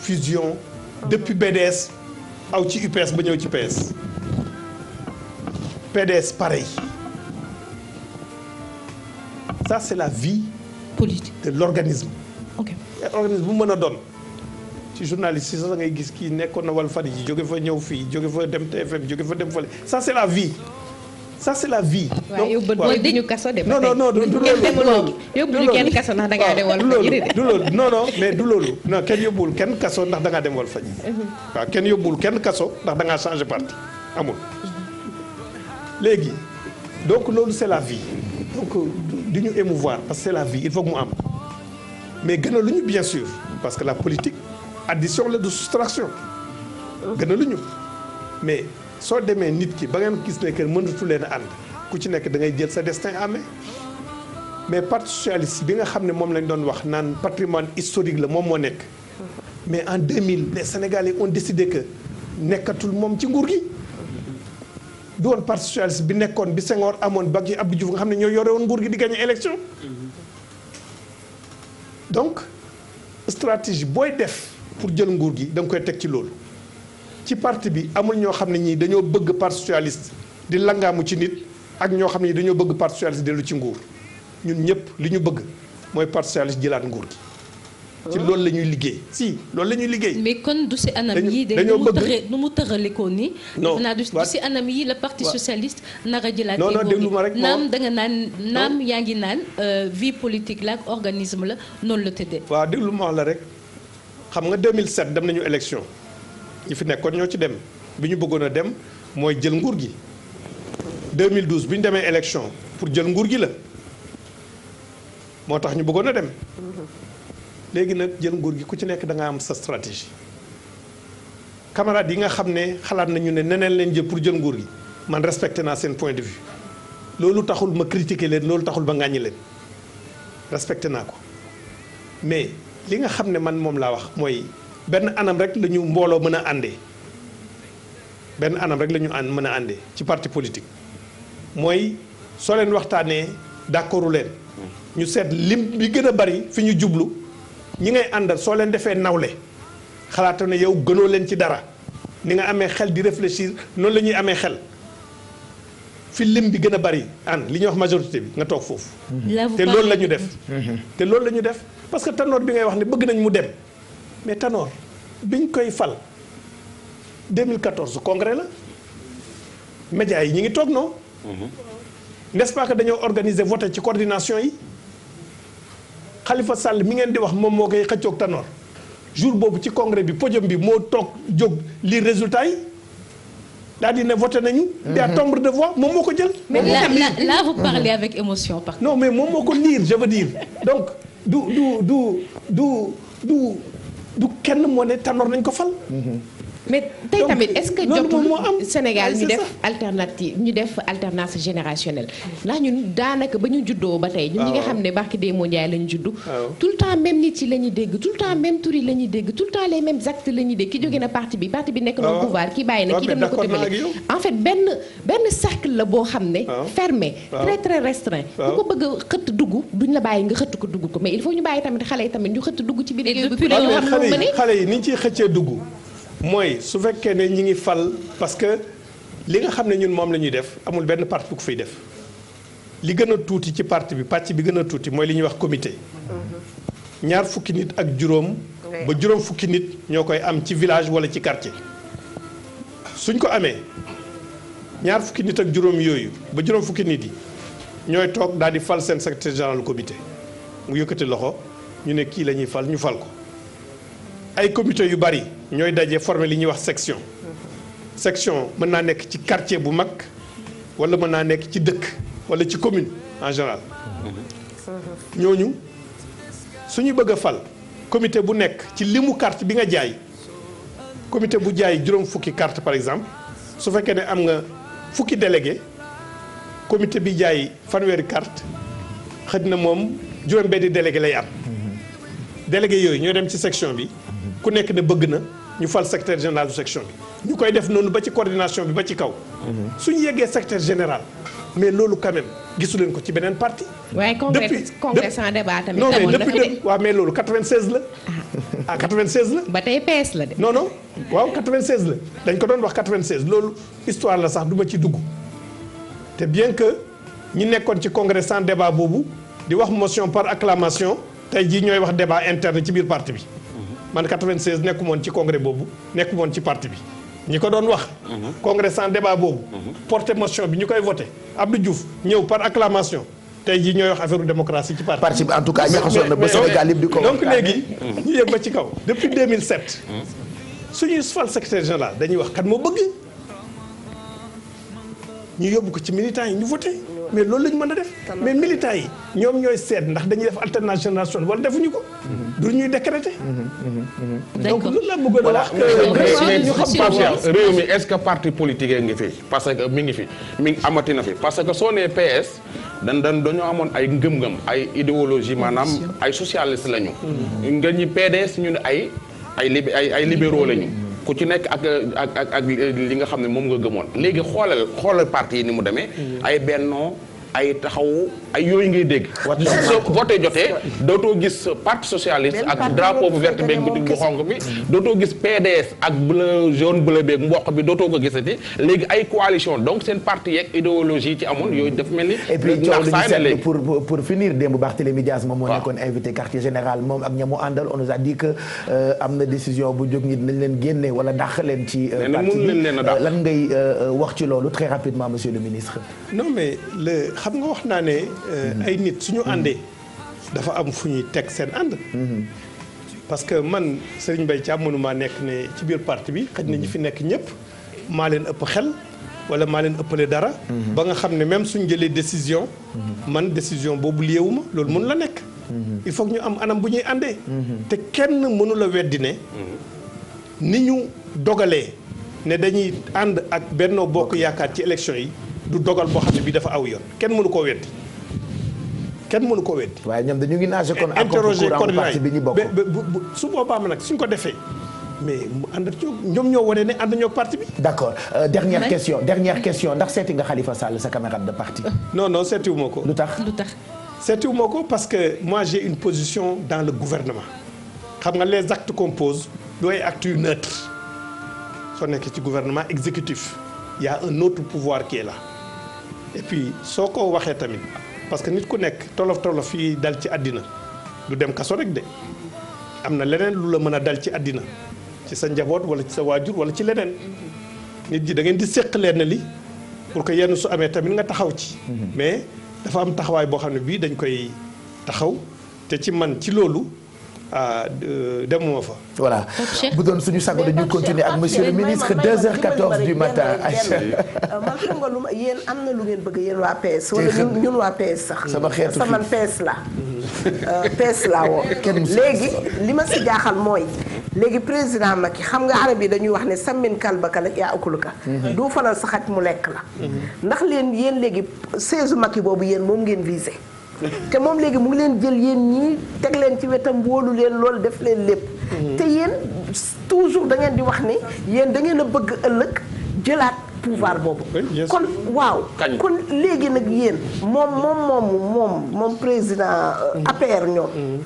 fusion depuis BDS aw ci UPS ba ñëw ci PS PDS pareil. ça c'est la vie politique de l'organisme organisme bu mën a doon ci journaliste yi sax da ngay gis kii nekkoon na wal Walfadjri jóge fa ñëw fii jóge fa dem TFM jóge fa dem fële ça c'est la vie ça c'est la vie. donc mooy dañu de. non non non du loolu yóbbuñu kenn kaso dem Walfadjri de. du loolu non non kenn yóbbuwul kenn kaso ndax da ngaa dem Walfadjri. Mhm. waaw kenn yóbbuwul kenn kaso ndax da ngaa changer parti amul. Mhm. léegi donc loolu c'est la vie. donc du ñu émouvoir parce que c'est la vie il faut mu am mais gënaluñu bien sûr parce que la politique addition la de soustraction gënaluñu mais soo demee nit ki ba ngeen gis ne que mënatu leen a ànd ku ci nekk da ngay jël sa destin amee mais parti socialiste bi nga xam ne moom lañ doon wax naan patrimoine historique la moom moo nekk mais en mille les Sénégalais on décidé que nekkatul moom ci nguur gi du woon parti socialiste bi nekkoon bi Senghor amoon ba ci Abdou Diouf nga xam ne ñoo yore woon nguur gi di gagné élection donc stratégie booy def pour jël nguur gi da koy teg ci loolu ci parti bi amul ñoo xam ne ñii dañoo bëgg parti socialiste di langaamu ci nit ak ñoo xam ne ñi dañoo bëgg parti socialiste dellu ci nguur ñun ñëpp li ñu bëgg mooy parti socialiste jëlaat nguur gi ci loolu lañuy liggéey si loolu la liggéey. mais kon du si anam yi de nu mu tëxee nu mu tëxalikoo nii. non du si anam yi la parti socialiste nar a jëlaat. non non déglu ma rek naam da nga naan naam yaa ngi naan euh, vie politique la organism la noonu la tëddee. waaw déglu ma la rek xam nga 2007 dem nañu élection ñi fi nekkoon ñoo ci dem bi ñu bëggoon a dem mooy jël nguur gi 2012 bi ñu demee élection pour jël nguur gi la moo tax ñu bëggoon a dem. léegi nag jël nguur gi ku ci nekk da nga am sa stratégie camarades yi nga xam ne xalaat nañu ne neneen leen jël pour jël nguur gi man respecté naa seen point de vue loolu taxul ma critiquer leen loolu taxul ba ngàññi leen respecté naa ko mais li nga xam ne man moom laa wax mooy benn anam rek lañu mbooloo mën a àndee benn anam rek la ñu ànd mën a àndee ci parti politique mooy soo leen waxtaanee d'accordu leen hmm. ñu seet lim bi gën a bari fi ñu jublu ñi ngay àndal soo leen defee nawle xalaata ne yow gënoo leen ci dara ni nga amee xel di réfléchir noonu la ñuy amee xel fi lim bi gën a bari an li ñuy wax majorité bi nga toog foofu. te loolu la ñu def. Mm-hmm. Mm-hmm. te loolu la ñu def parce que Tanor bi ngay wax ne bëgg nañ mu dem mais Tanor biñ koy fal 2014 congrès la médias yi ñu ngi toog noo mm-hmm. n'est-ce pas que dañoo organiser voté ci coordination yi. xalifa Sall mi ngeen di wax moom moo koy xëccoog Tanor jour boobu ci congrès bi podium bi moo toog jóg lii résultat yi daal di ne voté nañu. di à tombre de voix moom moo ko jël. mais là là vous parlez avec émotion par non mais moom moo ko liir je veux dire donc du du du du du kenn moo ne Tanor nañ ko fal. Mhm. mais tey tamit est-ce que jotul Sénégal ñu def alternative ñu def alternance générationnelle ndax ñu daanaka ba ñu juddoo ba tey ñun ñi nga ah, xam ne barki Démo Ndiaye la ñu juddu ah, tout le temps même nit yi la ñuy dégg tout le temps même tur yi la ñuy dégg tout le temps les mêmes actes la ñuy dégg ki jóge na parti bi parti bi nekk ah, na pouvoir ki bàyyi na ki dem na ko tëbale en fait benn benn cercle la boo xam ne fermé très très restreint ku ko bëgg a dugg duñ la bàyyi nga xëtt ko dugg ko mais il faut ñu bàyyi yi tamit ñu xëtt dugg ci biir xale yi ni ñu ciy xëccee dugg mooy su fekkee ne ñi ngi fal parce que li nga xam ne ñun moom lañuy def amul benn parti bu ko fiy def li gën a tuuti ci parti bi pàcc bi gën a tuuti mooy li ñuy wax comité mm-hmm. ñaar fukki nit ak juróom ba juróom fukki nit ñoo koy am ci village wala ci quartier suñ ko amee ñaar fukki nit ak juróom yooyu ba juróom fukki nit yi ñooy toog daal di fal seen secrétaire général comité mu yëkkati loxo ñu ne kii la ñuy fal ñu fal ko ay comité yu bari ñooy daje former li ñuy wax section. section mën naa nekk ci quartier bu mag wala mën naa nekk ci dëkk wala ci commune en général. ñooñu su ñu bëgg a fal comité bu nekk ci limu carte bi nga jaay comité bu jaay juróom fukki carte par exemple su fekkee ne am nga fukki délégué comité bi jaay fanweeri carte xëj na moom juróom benni délégué lay am. délégué yooyu ñoo dem ci section bi ku nekk ne bëgg na. ñu fal secrétaire général bu section bi ñu koy def noonu ba ci coordination bi ba ci kaw su ñu yeggee secrétaire général mais loolu quand même gisu leen ko ci beneen parti waaye congrès congrès sans débat tamit non mais depuis de waaw la ah 96 ah, la ba tey PS la de non waaw la dañ ko doon wax 96 loolu histoire la sax du ma ci dugg te bien que ñi nekkoon ci congrès sans débat boobu di wax motion par acclamation tey jii ñooy wax débat interne ci biir parti bi man 96 nekku moon ci congrès boobu nekku moon ci parti bi ñi ko doon wax mhm. congrès sans débat boobu mhm. porté motion bi ñu koy voté Abdou Diouf ñëw par acclamation tey jii ñooy wax affaire démocratie ci parti parti bi en tout cas ñaxasoon na ba Sénégal di ko donc léegi mhm. ñu yëg ci kaw depuis 2007 suñuy fal secrétaire général dañuy wax kan moo bëgg ñu yóbbu ko ci militant yi ñu voté mais loolu la ñu mën a def mais militants yi ñoom ñooy seet ndax dañuy def alternance générationnelle wala defuñu ko mhm. du ñuy décréter mhm. Mhm. donc loolu la bëggoon a wax ñu xam réew mi est que parti politique ngi fi parce que mi ngi fi mi ngi amati fi parce que soo nee PS dan dan dañoo amoon ay ngëm-ngëm ay idéologie maanaam ay socialiste lañu nga ñi PDS ñu ne ay ay ay libéraux lañu ku ci nekk ak ak ak ak li nga xam ne moom nga gëmoon léegi xoolal xoolal parti yi ni mu demee mm-hmm. ay bennoo ay taxaw ay yooyu ngay dégg. soo so vote jotee dootoo gis parti socialiste ak drapeau bu vert beeg bu xonq bi. dootoo gis PDS ak bleu jaune bleu beeg mboq bi dootoo ko gisati léegi ay coalition donc seen parti yeeg idéologie ci amul yooyu dafa mel ni. ndax saa léegi pour pour finir démb Barthélémy Dias moom moo nekkoon invité quartier général moom ak ñamu àndal on nous a dit que euh, am na décision bu jóg nit nañ leen génne wala dàq leen ci. Euh, parti bi euh, lan ngay wax ci loolu très rapidement monsieur le ministre. non mais le xam nga wax naa ne. Euh, ay nit suñu àndee. dafa am fu ñuy teg seen ànd. parce que man Serigne Mbaye Thiam mënumaa nekk ne ci biir parti bi xaj na ñu fi nekk ñëpp maa leen ëpp xel wala maa leen ëppale dara. Mhm. ba nga xam ne même suñ jëlee décision. Mhm. man décision boobu liyeewuma loolu mënu la nekk. Mhm. il faut ñu am anam bu ñuy àndee. te kenn mënula la weddi ne. ni ñu dogalee ne dañuy ànd ak Benno Bokk Yaakaar ci élection yi. du dogal boo xam ne bii dafa aw yoon kenn mënu koo weddi kenn mënu koo weddi. waaye ñoom dañu ngi nagé kon. interroger coordinateur bi ñu bokk su boobaa nag suñ ko defee. mais mu ànd ak ñoom ñoo wane ne ànd ñoo parti bi. d' accord euh, dernière mais... question dernière question ndax seeti nga Khalifa Sall sa camarade de parti. non non seetiwuma ko. lu tax lu tax. seetiwuma ko parce que moi j'ai une position dans le gouvernement xam nga les actes compose pose dooy actes yu neutre soo nekkee ci gouvernement exécutif il un autre pouvoir qui est et soo ko waxee tamit parce que nit ku nekk tolof tolof yi dal ci àddina lu dem kaso rek de am na leneen lu la mën a dal ci àddina ci sa njaboot wala ci sa waajur wala ci leneen nit ñi da ngeen di séq leen li pour que yenn su amee tamit nga taxaw ci mhm. mais dafa am taxawaay boo xam ne bii dañ koy taxaw te ci man ci loolu Euh, euh, demuma fa. voilà bu doon suñu sago dañuy continuer ak monsieur le ministre 2h14 du matin. ay euh, xam nga lu ma yéen am na lu ngeen bëgg yéen waa PS. wala ñun waa PS sax. sama xeetu sama la. PS la woo. léegi li ma si jaaxal mooy. léegi président Macky xam nga arab yi dañuy wax ne sammin kalbaka la yaa ukuluka mhm. du fanal sa xaj mu lekk la. Mhm. ndax leen yéen léegi siège Macky boobu yéen moom ngeen visé. te moom léegi mu ngi leen jël yéen ñii teg leen ci wetam wóolu leen lool def leen lépp. Mhm. te yéen toujours da ngeen di wax ni yéen da ngeen a bëgg ëllëg jëlaat pouvoir boobu. kon waaw. kon léegi nag yéen moom moom moom moom président euh, mhm. APR ñoom. Mhm.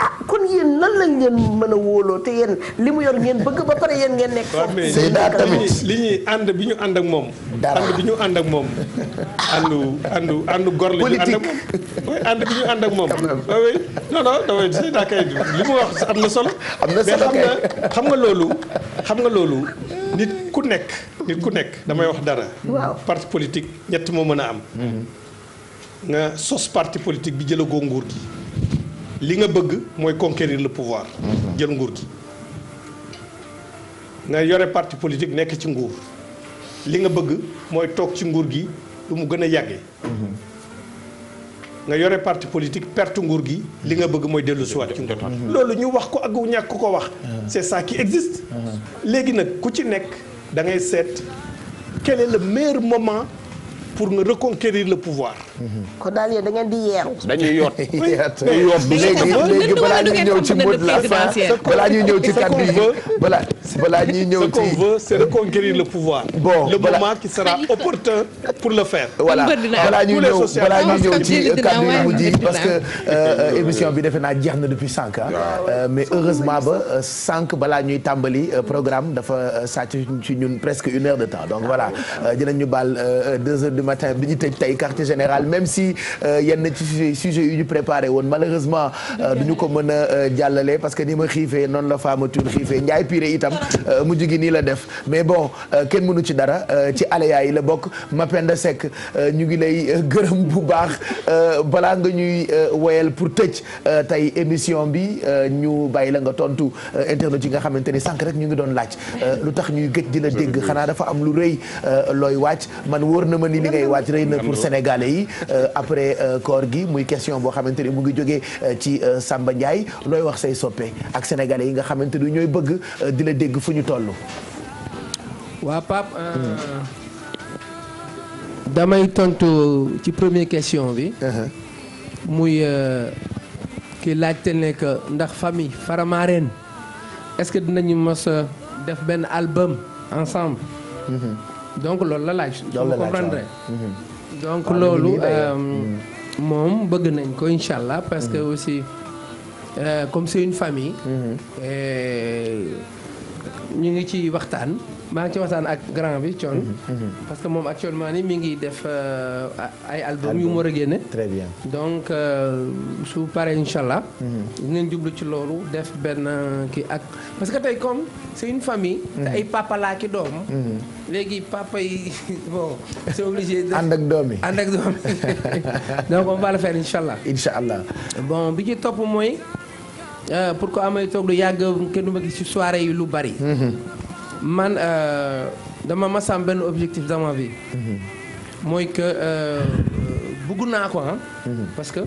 ah kon yéen lan lañ ngeen mën a wóoloo te yéen li mu yor ngeen bëgg ba pare yéen ngeen nekk foofu Seyda tamit li ñuy ànd bi ñu ànd ak moom ànd bi ñu ànd ak moom àndu àndu gor ànd ak moom ànd bi ñu ak moom oui non non dafay li mu wax am na solo am na solo xam nga loolu xam nga loolu nit ku nekk nit ku nekk damay wax dara waaw parti politique ñett moo mën a am mhm. nga sos parti politique bi jëlagoo nguur gi li nga bëgg mooy conquérir le pouvoir. jël nguur gi nga yore parti politique nekk ci nguur li nga bëgg mooy toog ci nguur gi lu mu gën a yàggee. nga yore parti politique perte nguur gi li nga bëgg mooy dellu siwaat ci nguur mm-hmm. loolu ñu wax ko ak ñàkk ko wax mm-hmm. c'est ça qui existe mm-hmm. léegi nag ku ci nekk da ngay seet quel est le meilleur moment pour nga reconquérir le pouvoir kon daal yéen da ngeen di yeeru. dañuy yoot dañuy yoot du léegi balaa ñuy ñëw ci mot de la fin balaa ñuy ñëw ci kàddu yi balaa balaa ñuy ñëw ci. ce qu'on veut c'est reconquérir le pouvoir. bon le moment qui sera opportun pour le faire. voilà balaa ñuy ñëw balaa ñuy ñëw ci kàddu yi mujj yi parce que euh, euh, émission bi defe naa jeex na depuis cinq ans. Euh, mais heureusement ba cinq balaa ñuy tàmbali programme dafa sàcc ci ñun presque une heure de temps donc voilà ah, dinañ ñu baal deux heures du matin bi ñu tëj tey quartier général. même si euh, yenn ci sujet yu ñu préparer woon malheureusement euh, du ñu ko mën a euh, jàllale parce que ni ma xiifee noonu la faama tuur xiifee njaay pire itam mu gi nii la def mais bon kenn mënu ci dara ci aléa yi la bokk Mapenda Seck ñu ngi lay gërëm bu baax balaa nga ñuy woyal pour tëj tey émission bi ñu bàyyi la nga tontu internet yi nga xamante ni sànq rek ñu ngi doon laaj lu tax ñuy gëj di la dégg xanaa dafa am lu rëy looy wàcc man wóor na ma ni li ngay wàcc rëy na pour sénégalais yi Euh, après euh, koor gi muy question boo xamante ni mu ngi jóge euh, ci Samba Ndiaye looy wax say soppe ak sénégalais yi nga xamante ni ñooy bëgg dina dégg fu ñu toll. waa Pape. Hmm. damay tontu ci premier question bi. Uh-huh. muy ki laajte ne que ndax famille Faramareen est-ce que dinañu mos def benn album ensemble. Mm-hmm. donc loolu la laaj. loolu la laaj donc loolu euh, mm. moom bëgg nañ ko incha allah parce que mm. aussi euh, comme c'est une famille. Mm-hmm. ñu ngi ci waxtaan maa ngi ci waxtaan ak grand bi Thione. Mhm, mhm. parce que moom actuellement ni mi ngi def euh, ay album yu mu a génne. très bien donc euh, su paree incha allah. Mhm. dinañ jublu ci loolu def benn euh, kii ak parce que tey comme c'est une famille. te ay papa ki doom. léegi papa yi bon c'est ànd ak doom yi ànd ak doom yi donc on va le faire incha allah. bon bi ci topp mooy. Euh, pour que amay toog lu yàgg kenn du ma gis ci soirée yi lu bari. Mm-hmm. man euh, dama masam benn objectif dama bi mm-hmm. mooy que euh, bugg naa ko ah. que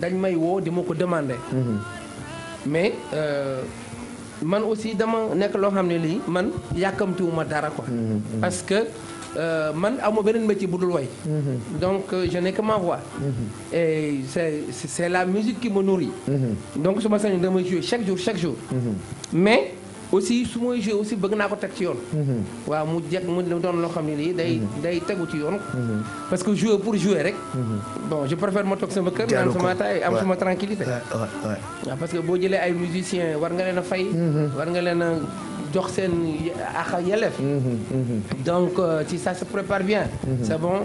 dañ may woo di ma ko demander. mais man aussi dama nekk loo xam ne lii man yàkkamtiwuma dara quoi. parce Euh, man aw ma beneen métier bu dul way mhm. donc euh, je n'ai que ma voix mhm. et c'est la musique qui me nourrit mhm. donc su ma sañoon damay jouer chaque jour chaque jour mais aussi su may joué aussi bëgg naa ko teg ci yoon. waaw mu jekk mu doon loo xam ne lii day day tegu ci yoon. parce que jouer pour jouer rek. bon je préfère ma toog sama kër. naan sama taay am sama tranquillité waaw parce que boo jëlee ay musiciens war nga leen a fay. war nga leen a jox seen ak yelef mhm, mhm. donc euh, si sa se prépare bien mhm. c'est bon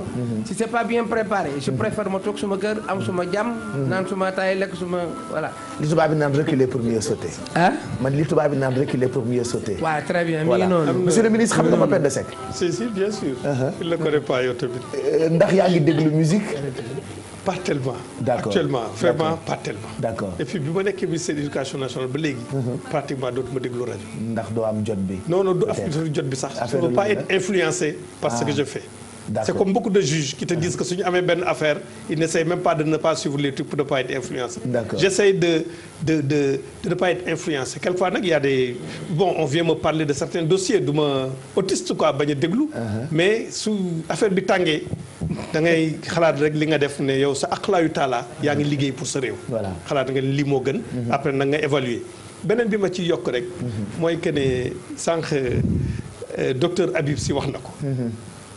si c'est pas bien préparé je préfère ma toog suma kër am suma jàmm naan suma taay lekk suma voilà li tubaab bi naan reculer pour mieux sauter ah man li tubaab bi naan reculer pour mieux sauter waaw très bien mi ngi noonu monsieur le ministre xam nga Pape Penda Seck si si bien sûr uh-huh. il le connaît pas yow tamit euh, ndax yaa ngi déglu musique pas tellement. d'accord actuellement vraiment pas tellement. d'accord et puis bi ma nekkee ministère de l'éducation nationale ba léegi. Mhm. pratiquement dootuma déglu rajo. ndax doo am jot bi. non non du jot bi sax. je ne veux pas être influencé par ce que ah. je fais. c'est comme bokk de juges ki te disent que suñu amee benn affaire ils n'essayent même pas de ne pas suivre les pour ne pas être influencé j'essaye de de de de ne pas être influencé quelquefois nag y a des bon on vient me parler de certains dossiers du ma autiste quoi bañ a déglu uh-huh. mais su affaire bi tàngee da ngay xalaat rek li nga def ne yow sa aqlaayu taala yaa ngi liggéey pour sa réew xalaat nga lii moo gën mm-hmm. après nag nga évaluer beneen bi ma ci yokk rek mm-hmm. mooy que ne sànq euh, docteur Habib si wax na ko mm-hmm.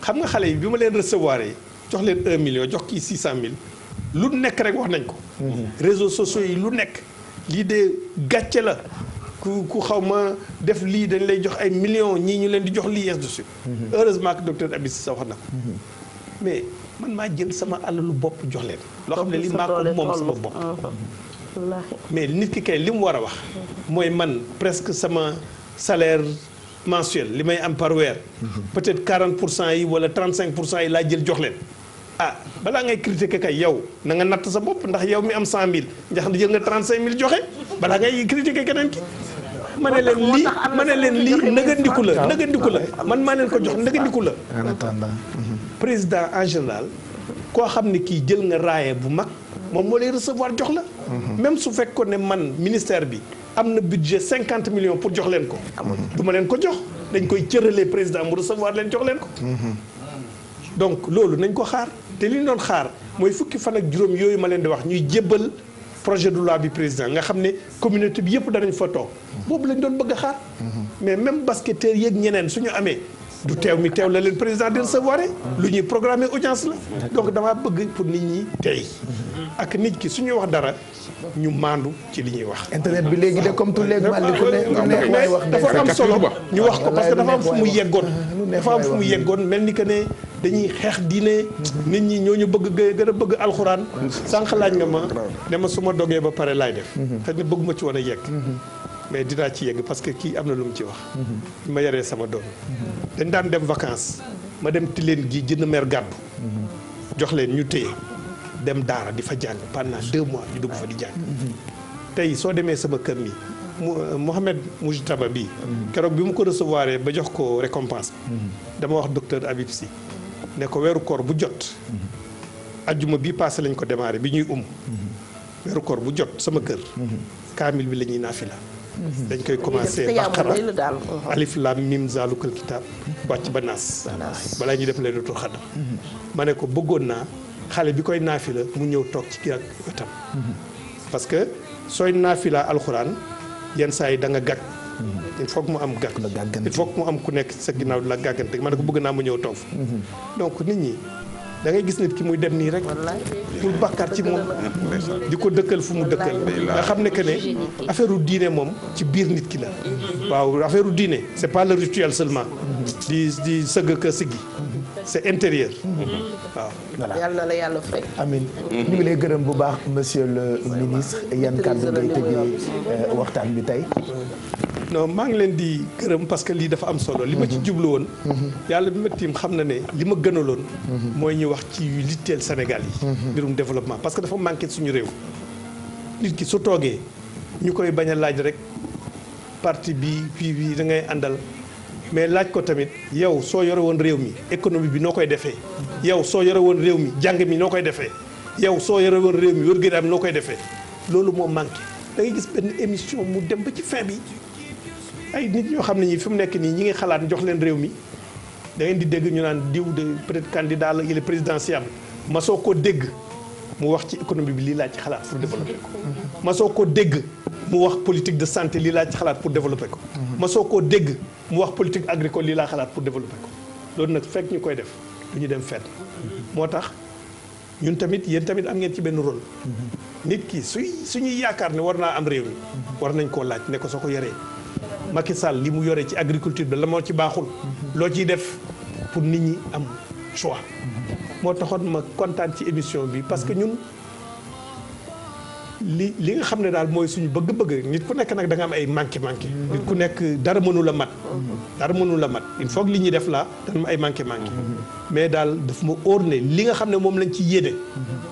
xam nga xale yi bi ma leen recevoir yi jox leen un million jox kii six cent mille lu nekk rek wax nañ ko. Mhm. réseaux sociaux yi lu nekk lii de gàcce la ku ku xaw ma def lii dañ lay jox ay millions ñii ñu leen di jox lii yees dessus mhm. heureusement que docteur Abis sa wax na ko mhm. mais man maa jël sama alalu bopp jox leen. loo xam ne li maa moom sama bopp. Ah, mais nit ki kay li mu war a wax. mooy man presque sama salaire. mensuel li may am par weer. peut-être 40 pour cent yi wala 35 pour cent yi laa jël jox leen. ah balaa ngay critiquer kay yow na nga natt sa bopp ndax yow mi am cent mille 100000 ndax jël nga 35000 joxe balaa ngay critiquer keneen ki. ma ne leen lii ma ne leen lii nëgëndiku la nëgëndiku la man maa leen ko jox nëgëndiku la. Mhm. président en général. koo xam ne kii jël nga raaye bu mag. moom moo leen recevoir jox la. Mhm. même su fekkoon ne man ministère bi. am na budget cinquante million pour jox leen ko. du ma leen ko jox dañ koy cërale président mu recevoir leen jox leen ko. donc loolu nañ ko xaar te li ñu doon xaar mooy fukki fan ak juróom yooyu ma leen di wax ñuy jébbal projet de loi bi président nga xam ne communauté bi yëpp danañ fa toog. boobu lañ doon bëgg a xaar. mais même basketteur yeeg ñeneen su ñu amee. du teew mi teew la leen président di recevoir lu ñuy programmer audience la donc damaa bëgg pour nit ñi tey ak nit ki su ñuy wax dara ñu maandu ci li ñuy wax. internet bi léegi de comme tout léegi ma li wax dafa am solo ñu wax ko parce que dafa am fu mu yeggoon dafa am fu mu yeggoon mel ni que ne dañuy xeex diine nit ñi ñoo ñu bëgg gën a bëgg alxuraan sànq laaj nga ma dema suma su ba pare laay def xëy mhm. na bëgguma ci woon a yegg mhm. mais dinaa ci yegg parce que kii am na lu mu ci wax. bi ma yaree sama doom. dañ daan dem vacance ma dem Tilène gi jënd mer gàddu. jox leen ñu téye dem daara di fa jàng pendant deux mois ñu dugg fa di jàng. tey soo demee sama kër mi Mouhamed Moujtaba bi keroog bi mu ko recevoir ba jox ko récompense. dama wax docteur Habib Sy ne ko weeru koor bu jot. ajjuma bii passé lañ ko démarré bi ñuy um. weeru koor bu jot sama kër. kaamil bi la ñuy naafila dañ koy commencé baqara alif lam mim zaalikal kitaab wàcc ba naas balaa ñu def leen dootul xadam ma ne ko bëggoon naa xale bi koy la mu ñëw toog ci kii ak wetam parce que sooy laa alxuraan yenn saa yi da nga gàgg il faut que mu am gàgg il foog mu am ku nekk sa ginnaaw la gàggante ma ne ko bëgg naa mu ñëw toog mm-hmm. donc nit ñi da ngay gis nit ki muy dem nii rek pour bàkkaar ci moom di ko dëkkal fu mu dëkkal nga xam ne que ne affaire u diine moom ci biir nit ki la waaw affaire diine c'est pas le rituel seulement di di sëgg ka siggi c'est intérieur waaw voilà yal la yàlla fay amiin ngi lay gërëm bu baax monsieur le ministre yan kàddu ngay tëjee euh, waxtaan bi tey non maa ngi leen di këram parce que lii dafa am solo. li ma ci mhm. jublu woon. Mhm. yàlla bi ma tiim xam na ne li ma gënaloon. Mhm. mooy ñuy wax ci litteel Sénégal yi. mbirum développement parce que dafa manqué suñu réew. nit ki su toogee ñu koy bañ a laaj rek parti bi fii bi da ngay àndal. mais laaj ko tamit yow soo yore woon réew mi économie bi noo koy defee yow soo yore woon réew mi jàng mi noo koy defee yow soo yore woon réew mi wér-gu-yaram noo koy defee loolu moo manqué émission mu dem ba ci fin bi ay nit ñoo xam ne ñi fi mu nekk nii ñi ngi xalaat jox leen réew mi da ngeen di dégg ñu naan diw de peut-être candidat la président est présidentiel ma soo ko dégg mu wax ci économie bi lii ci xalaat pour développer ko. ma soo ko dégg mu wax politique de santé li laa xalaat pour développer ko. ma soo ko dégg mu wax politique agricole lii laa xalaat pour développer ko loolu nag fekk ñu koy def du ñu dem fenn moo tax ñun tamit yéen tamit am ngeen ci benn role mhm. nit ki su suñuy yaakaar ne war naa am réew mi mhm. war nañ koo laaj ne ko soo ko yoree. Macky Sall li mu yore ci agriculture bi la moo ci baaxul. loo ciy def pour nit ñi am choix. moo taxoon ma kontaan ci émission bi parce que ñun. li li nga xam ne daal mooy suñu bëgg-bëgg nit ku nekk nag da am ay manqué manqué. nit ku nekk dara mënu la mat. dara mënu la mat il faut li ñuy def la ay manqué manqué. mais daal daf ma óor ne li nga xam ne moom lañ ci yéene.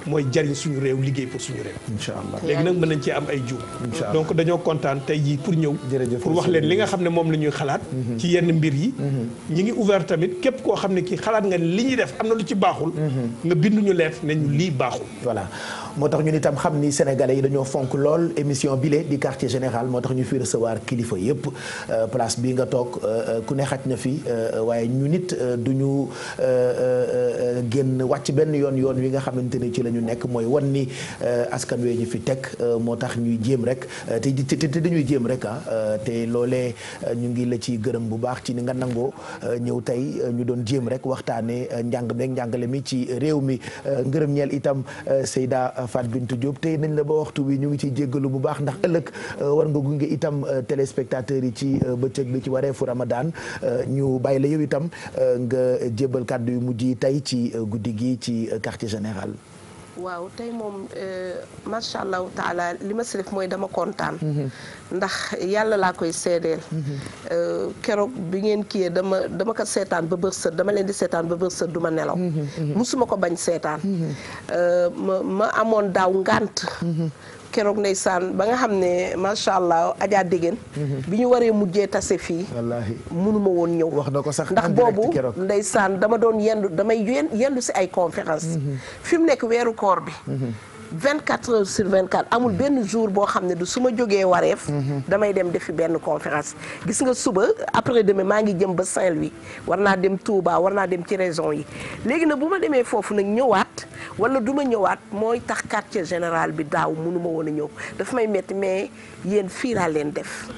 mooy jariñ suñu réew liggéey pour suñu réew. incha léegi nag mën nañ cee am ay juum. donc dañoo kontaan tey jii pour ñëw. pour wax li nga xam ne moom la ñuy xalaat. ci yenn mbir yi. Mhm. ñi ngi ouvert tamit képp koo xam ne kii xalaat nga li ñuy def am na lu ci baaxul. Mhm. nga binduñu leef ne ñu lii baaxul. voilà moo tax ñun itam xam ni sénégalais yi dañoo fonk lool émission bile di quartier général moo tax ñu fi recevoir kilifa yëpp euh, place bii nga toog euh, euh, ku ne xaj na fi waaye ñu nit du ñu génn wàcc benn yoon yoon wi nga xamante ni ci la ñu nekk mooy wan ni askan wee ñu fi teg moo tax ñuy jéem rek te dañuy jéem rek a ah, te loole ñu ngi la ci gërëm bu baax ci ni nga nangoo ñëw tey ñu doon jéem rek waxtaane njàng meeg njàngale mi ci réew mi ngërëm ñeel itam Seyda Fat Bintou Diop tey nañ la ba waxtu wi ñu ngi ciy jéggalu bu baax ndax ëllëg euh, war nga gunge itam euh, téléspectateurs yi ci euh, bëccëg bi ci waree wareefu Ramadan ñu bàyyi la yow itam nga jébbal kàddu yu mujj yi tey ci guddi gi ci quartier général. waaw tey moom euh, macha allahu taala li ma si def mooy dama kontaan. Mm-hmm. ndax yàlla laa koy seedeel. Mm-hmm. Euh, keroog bi ngeen kiyee dama dama ko seetaan ba bër dama leen di seetaan ba bër sët du ma nelaw. Mm-hmm. musuma ko bañ seetaan. Euh, ma ma amoon daaw ngànt. keroog ndey saan ba nga xam ne macha allah ajaa déggéen mhm. bi ñu waree mujjee tase fii mënuma woon ñëw wax na ko sax ndax boobu ndeysaan dama doon yendu damay yendu si ay conférence mhm. fi mu nekk weeru koor bi mhm. 24 heures sur 24 amul benn jour boo xam ne du su ma jógee wareef. damay dem defi benn conférence. gis nga suba après demain maa ngi jëm ba Saint-Louis war naa dem tuubaa war naa dem ci région yi léegi nag bu ma demee foofu nag ñëwaat wala du ma ñëwaat mooy tax quartier général bi daaw mënu ma woon a ñëw dafa may metti mais yéen fii laa leen def.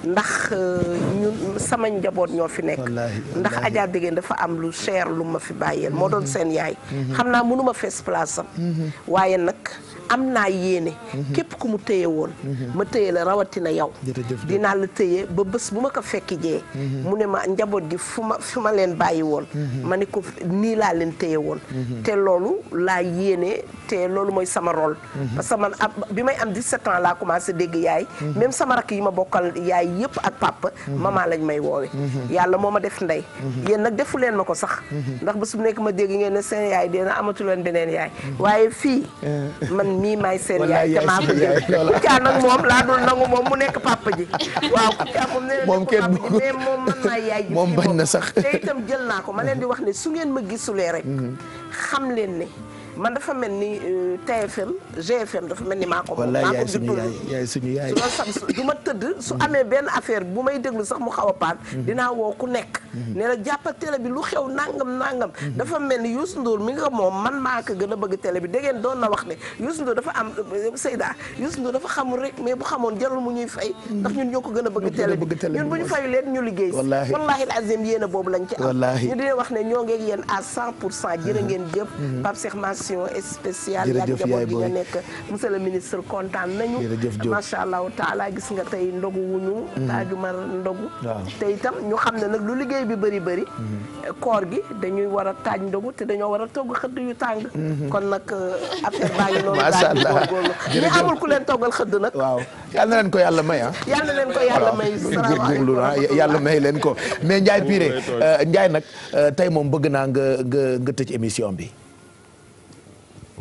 ndax euh, ñun sama njaboot ñoo fi nekk ndax Adja Dégéen dafa am lu cher lu ma fi bàyyeel moo doon seen yaay mhm. xam naa mënuma fees place am mhm. waaye nag am naa yéene. Mhm. képp ku mu téye woon. Mhm. ma téye la rawatina yow. dinaa la téye ba bés bu ma ko fekki jee. Mhm. mu ne ma njaboot gi fu ma fu ma leen bàyyi woon. ma ne ko nii laa leen téye woon. te loolu laa yéene te loolu mooy sama rôle. parce que man bi may am 17 ans laa commencé dégg yaay. même sama rakk yi ma bokkal yaay yëpp ak papa. maman lañ may woowe yàlla moo ma def ndey. yéen nag defu leen ma ko sax. ndax bés bu nekk ma dégg ngeen ne seen yaay dina amatu leen beneen yaay. mii maay seen yaay te maa ko moom laa dul nangu moom mu nekk papa ji waaw Kouthia moom nee moom kenn bëgg moom man maay yaay ji moom bañ na sax te itam jël naa ko ma leen di wax ne su ngeen ma gisulee rek mm-hmm. xam leen ne man dafa mel ni euh, TFM GFM dafa mel ni maa ko. wallaay yaay suñu yaay yaay su ma sax du ma tëdd su amee benn affaire bu may déglu sax mu xaw a paan. Mhm. dinaa woo ku nekk. Mhm. ne la jàpp télé bi lu xew nangam nangam. Mhm. dafa mel ni Youssou Ndour mi nga moom man maa ko gën a bëgg télé bi dégg ngeen doon na wax ne Youssou Ndour dafa am euh, Seyda Youssou Ndour dafa xamul rek mais bu xamoon jarul mu ñuy fay. ndax ñun ñoo ko gën a bëgg télé bi ñun bu ñu fayu leen ñu liggéey si. wallaahi wallaahi azim yéen boobu lañ ci am. ñu dee wax ne ñoo ngi yéen à 100 pour cent ngeen jëf Pape mention spéciale ak jaboot bi nga nekk monsieur le ministre kontaan nañu macha allahu taala gis nga tey ndogu wuñu mm-hmm. taajuma ndogu te itam ñu xam ne nag lu liggéey bi bëri bëri mm-hmm. koor gi dañuy war a taaj ndogu te dañoo war a togg xëdd yu tàng mm-hmm. kon nag euh, affaire baa ngi noonu daal di amul ku leen toggal xëdd nag waaw yal na leen ko yàlla may ah leen ko yàlla may góorgóorlu ah yàlla may leen ko mais Ndiaye Piré euh, Ndiaye nag euh, tey moom bëgg naa nga nga nga tëj émission bi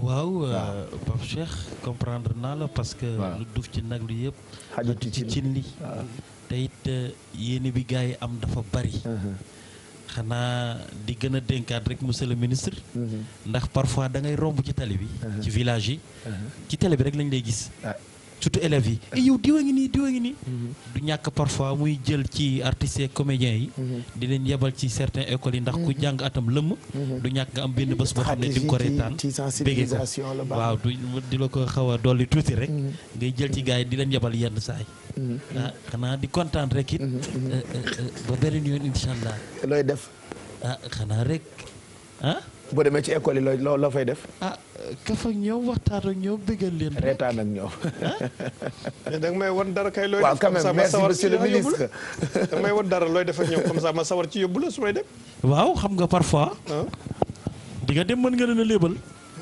waaw euh, Pape Cheikh comprendre naa la parce que. lu duuf ci nag lu yëpp. xajatu ci cin li te it euh, yéene bi gars yi am dafa bari. Uh-huh. xanaa di gën a dénkaat rek monsieur le ministre. Uh-huh. ndax parfois da ngay romb ci tali bi. Uh-huh. ci village yi. ci tali bi rek lañ lay gis. Ah. surtout élèves yi et eh, yow diwa ngi nii ngi nii mhm. du ñàkk parfois muy jël ci artistes et yi mhm. di leen yebal ci certains écoles yi ndax ku mhm. jàng atam lëm du ñàkk nga am benn bés boo xam ne di nga ko reetaan bégee ko waaw du di la ko xaw a dolli tuuti rek ngay jël ci gars yi di leen yebal yenn saay ah xanaa di kontaan rek it eh, eh, ba beneen yoon incha allah looy def ah xanaa rek ah? boo demee ci école yi loo loo fay def. ah kafa ak ñoom waxtaan ak ñoom bëggal leen. reetaan ak ñoom. Ah? mais may wan dara kay. looy def comme ça ma sawar ci la yóbbu la dara looy def ak ñoom ci yóbbu su may dem. waaw xam nga parfois. Ah? di nga dem mën nga leen a lébal.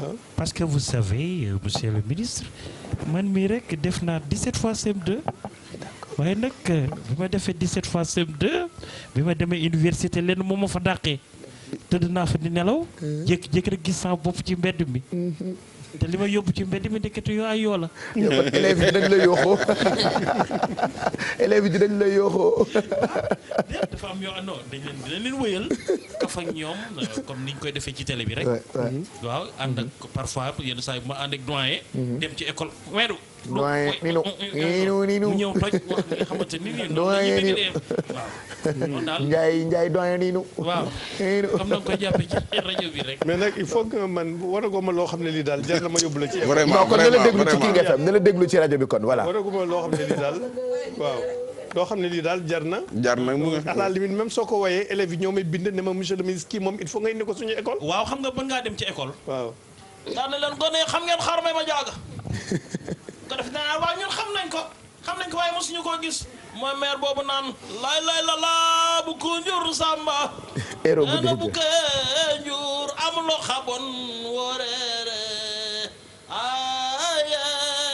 Ah? parce que vous savez euh, monsieur le ministre man mii rek def naa 17 fois CM2. waaye nag euh, bi ma defee 17 fois CM2 bi ma demee université leen moom ma fa dàqee. tëdd naa fi di nelaw. Mm-hmm. jékki-jékki rek gis sama bopp ci mbedd mi. Mm-hmm. te li ma yóbbu ci mbedd mi ndekete yoo ay yoo la. élèves yi dinañ la yooxoo élèves yi dinañ la yooxoo. dafa am yoo non dañ leen dinañ leen wëyal kaf ak ñoom euh, comme ni ñu koy defee ci télé bi rek. Mm-hmm. waaw ànd ak mm-hmm. parfois yenn saa yi ma ànd ak doyen. Mm-hmm. dem ci école weeru. doyen ninu ninu ninu mu ñëw toj wax nga xamante ni nii. doyen ninu waaw. Ndiaye Ndiaye doyen ninu. waaw comme na nga koy jàppee ci rajo bi rek. mais nag ma loo xam ne lii daal jar na ma yóbbu la ci. vraiment vraiment kon ci King rajo bi kon voilà. waragoo loo xam ne lii daal waaw. loo xam ne lii daal soo ko wayee élèves yi bind ne ma monsieur le ministre kii moom il faut nga indi ko suñu école. waaw xam nga mën ngaa dem ci école. waaw. daan na leen gone ma ko def naa waaw ñun xam nañ ko xam nañ ko waaye mosuñu koo gis. mooy maire boobu naan lay lay la laa bu ko njur sàmba. eero bu njur am loo xaboon wóoreere ay.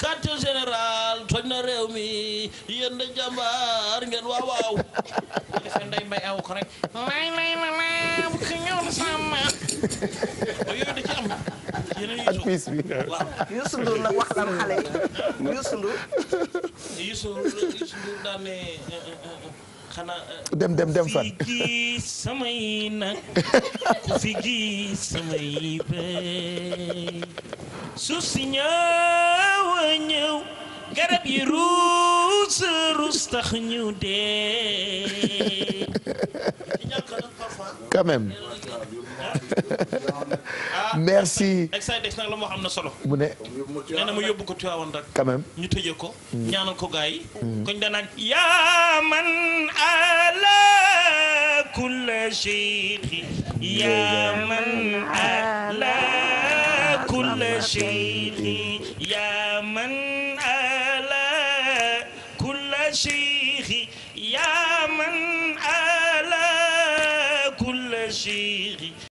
quartier général toj na réew mi yéen da jàmbaar ngeen waaw waaw. defe nday lay lay bu ko ñëw na yooyu da ci am. yeneen Youssou piis xale yi Youssou Ndour. Youssou Youssou dem dem dem fan. ku fi gis samay nag ku fi gis samay bëy suuf si ñaaw a ñëw. garab yi merci. na solo. mu ne. nee na ma yóbbu ko Tiwaawan rek. quand même. ñu tëjee ko. Mm. ñaanal ko gaa yi. Mm. koñ danaan yaa man ala kulla shay'in. yaa man ala kulla shay'in. yaa على كل شيخ يا من على كل شيخ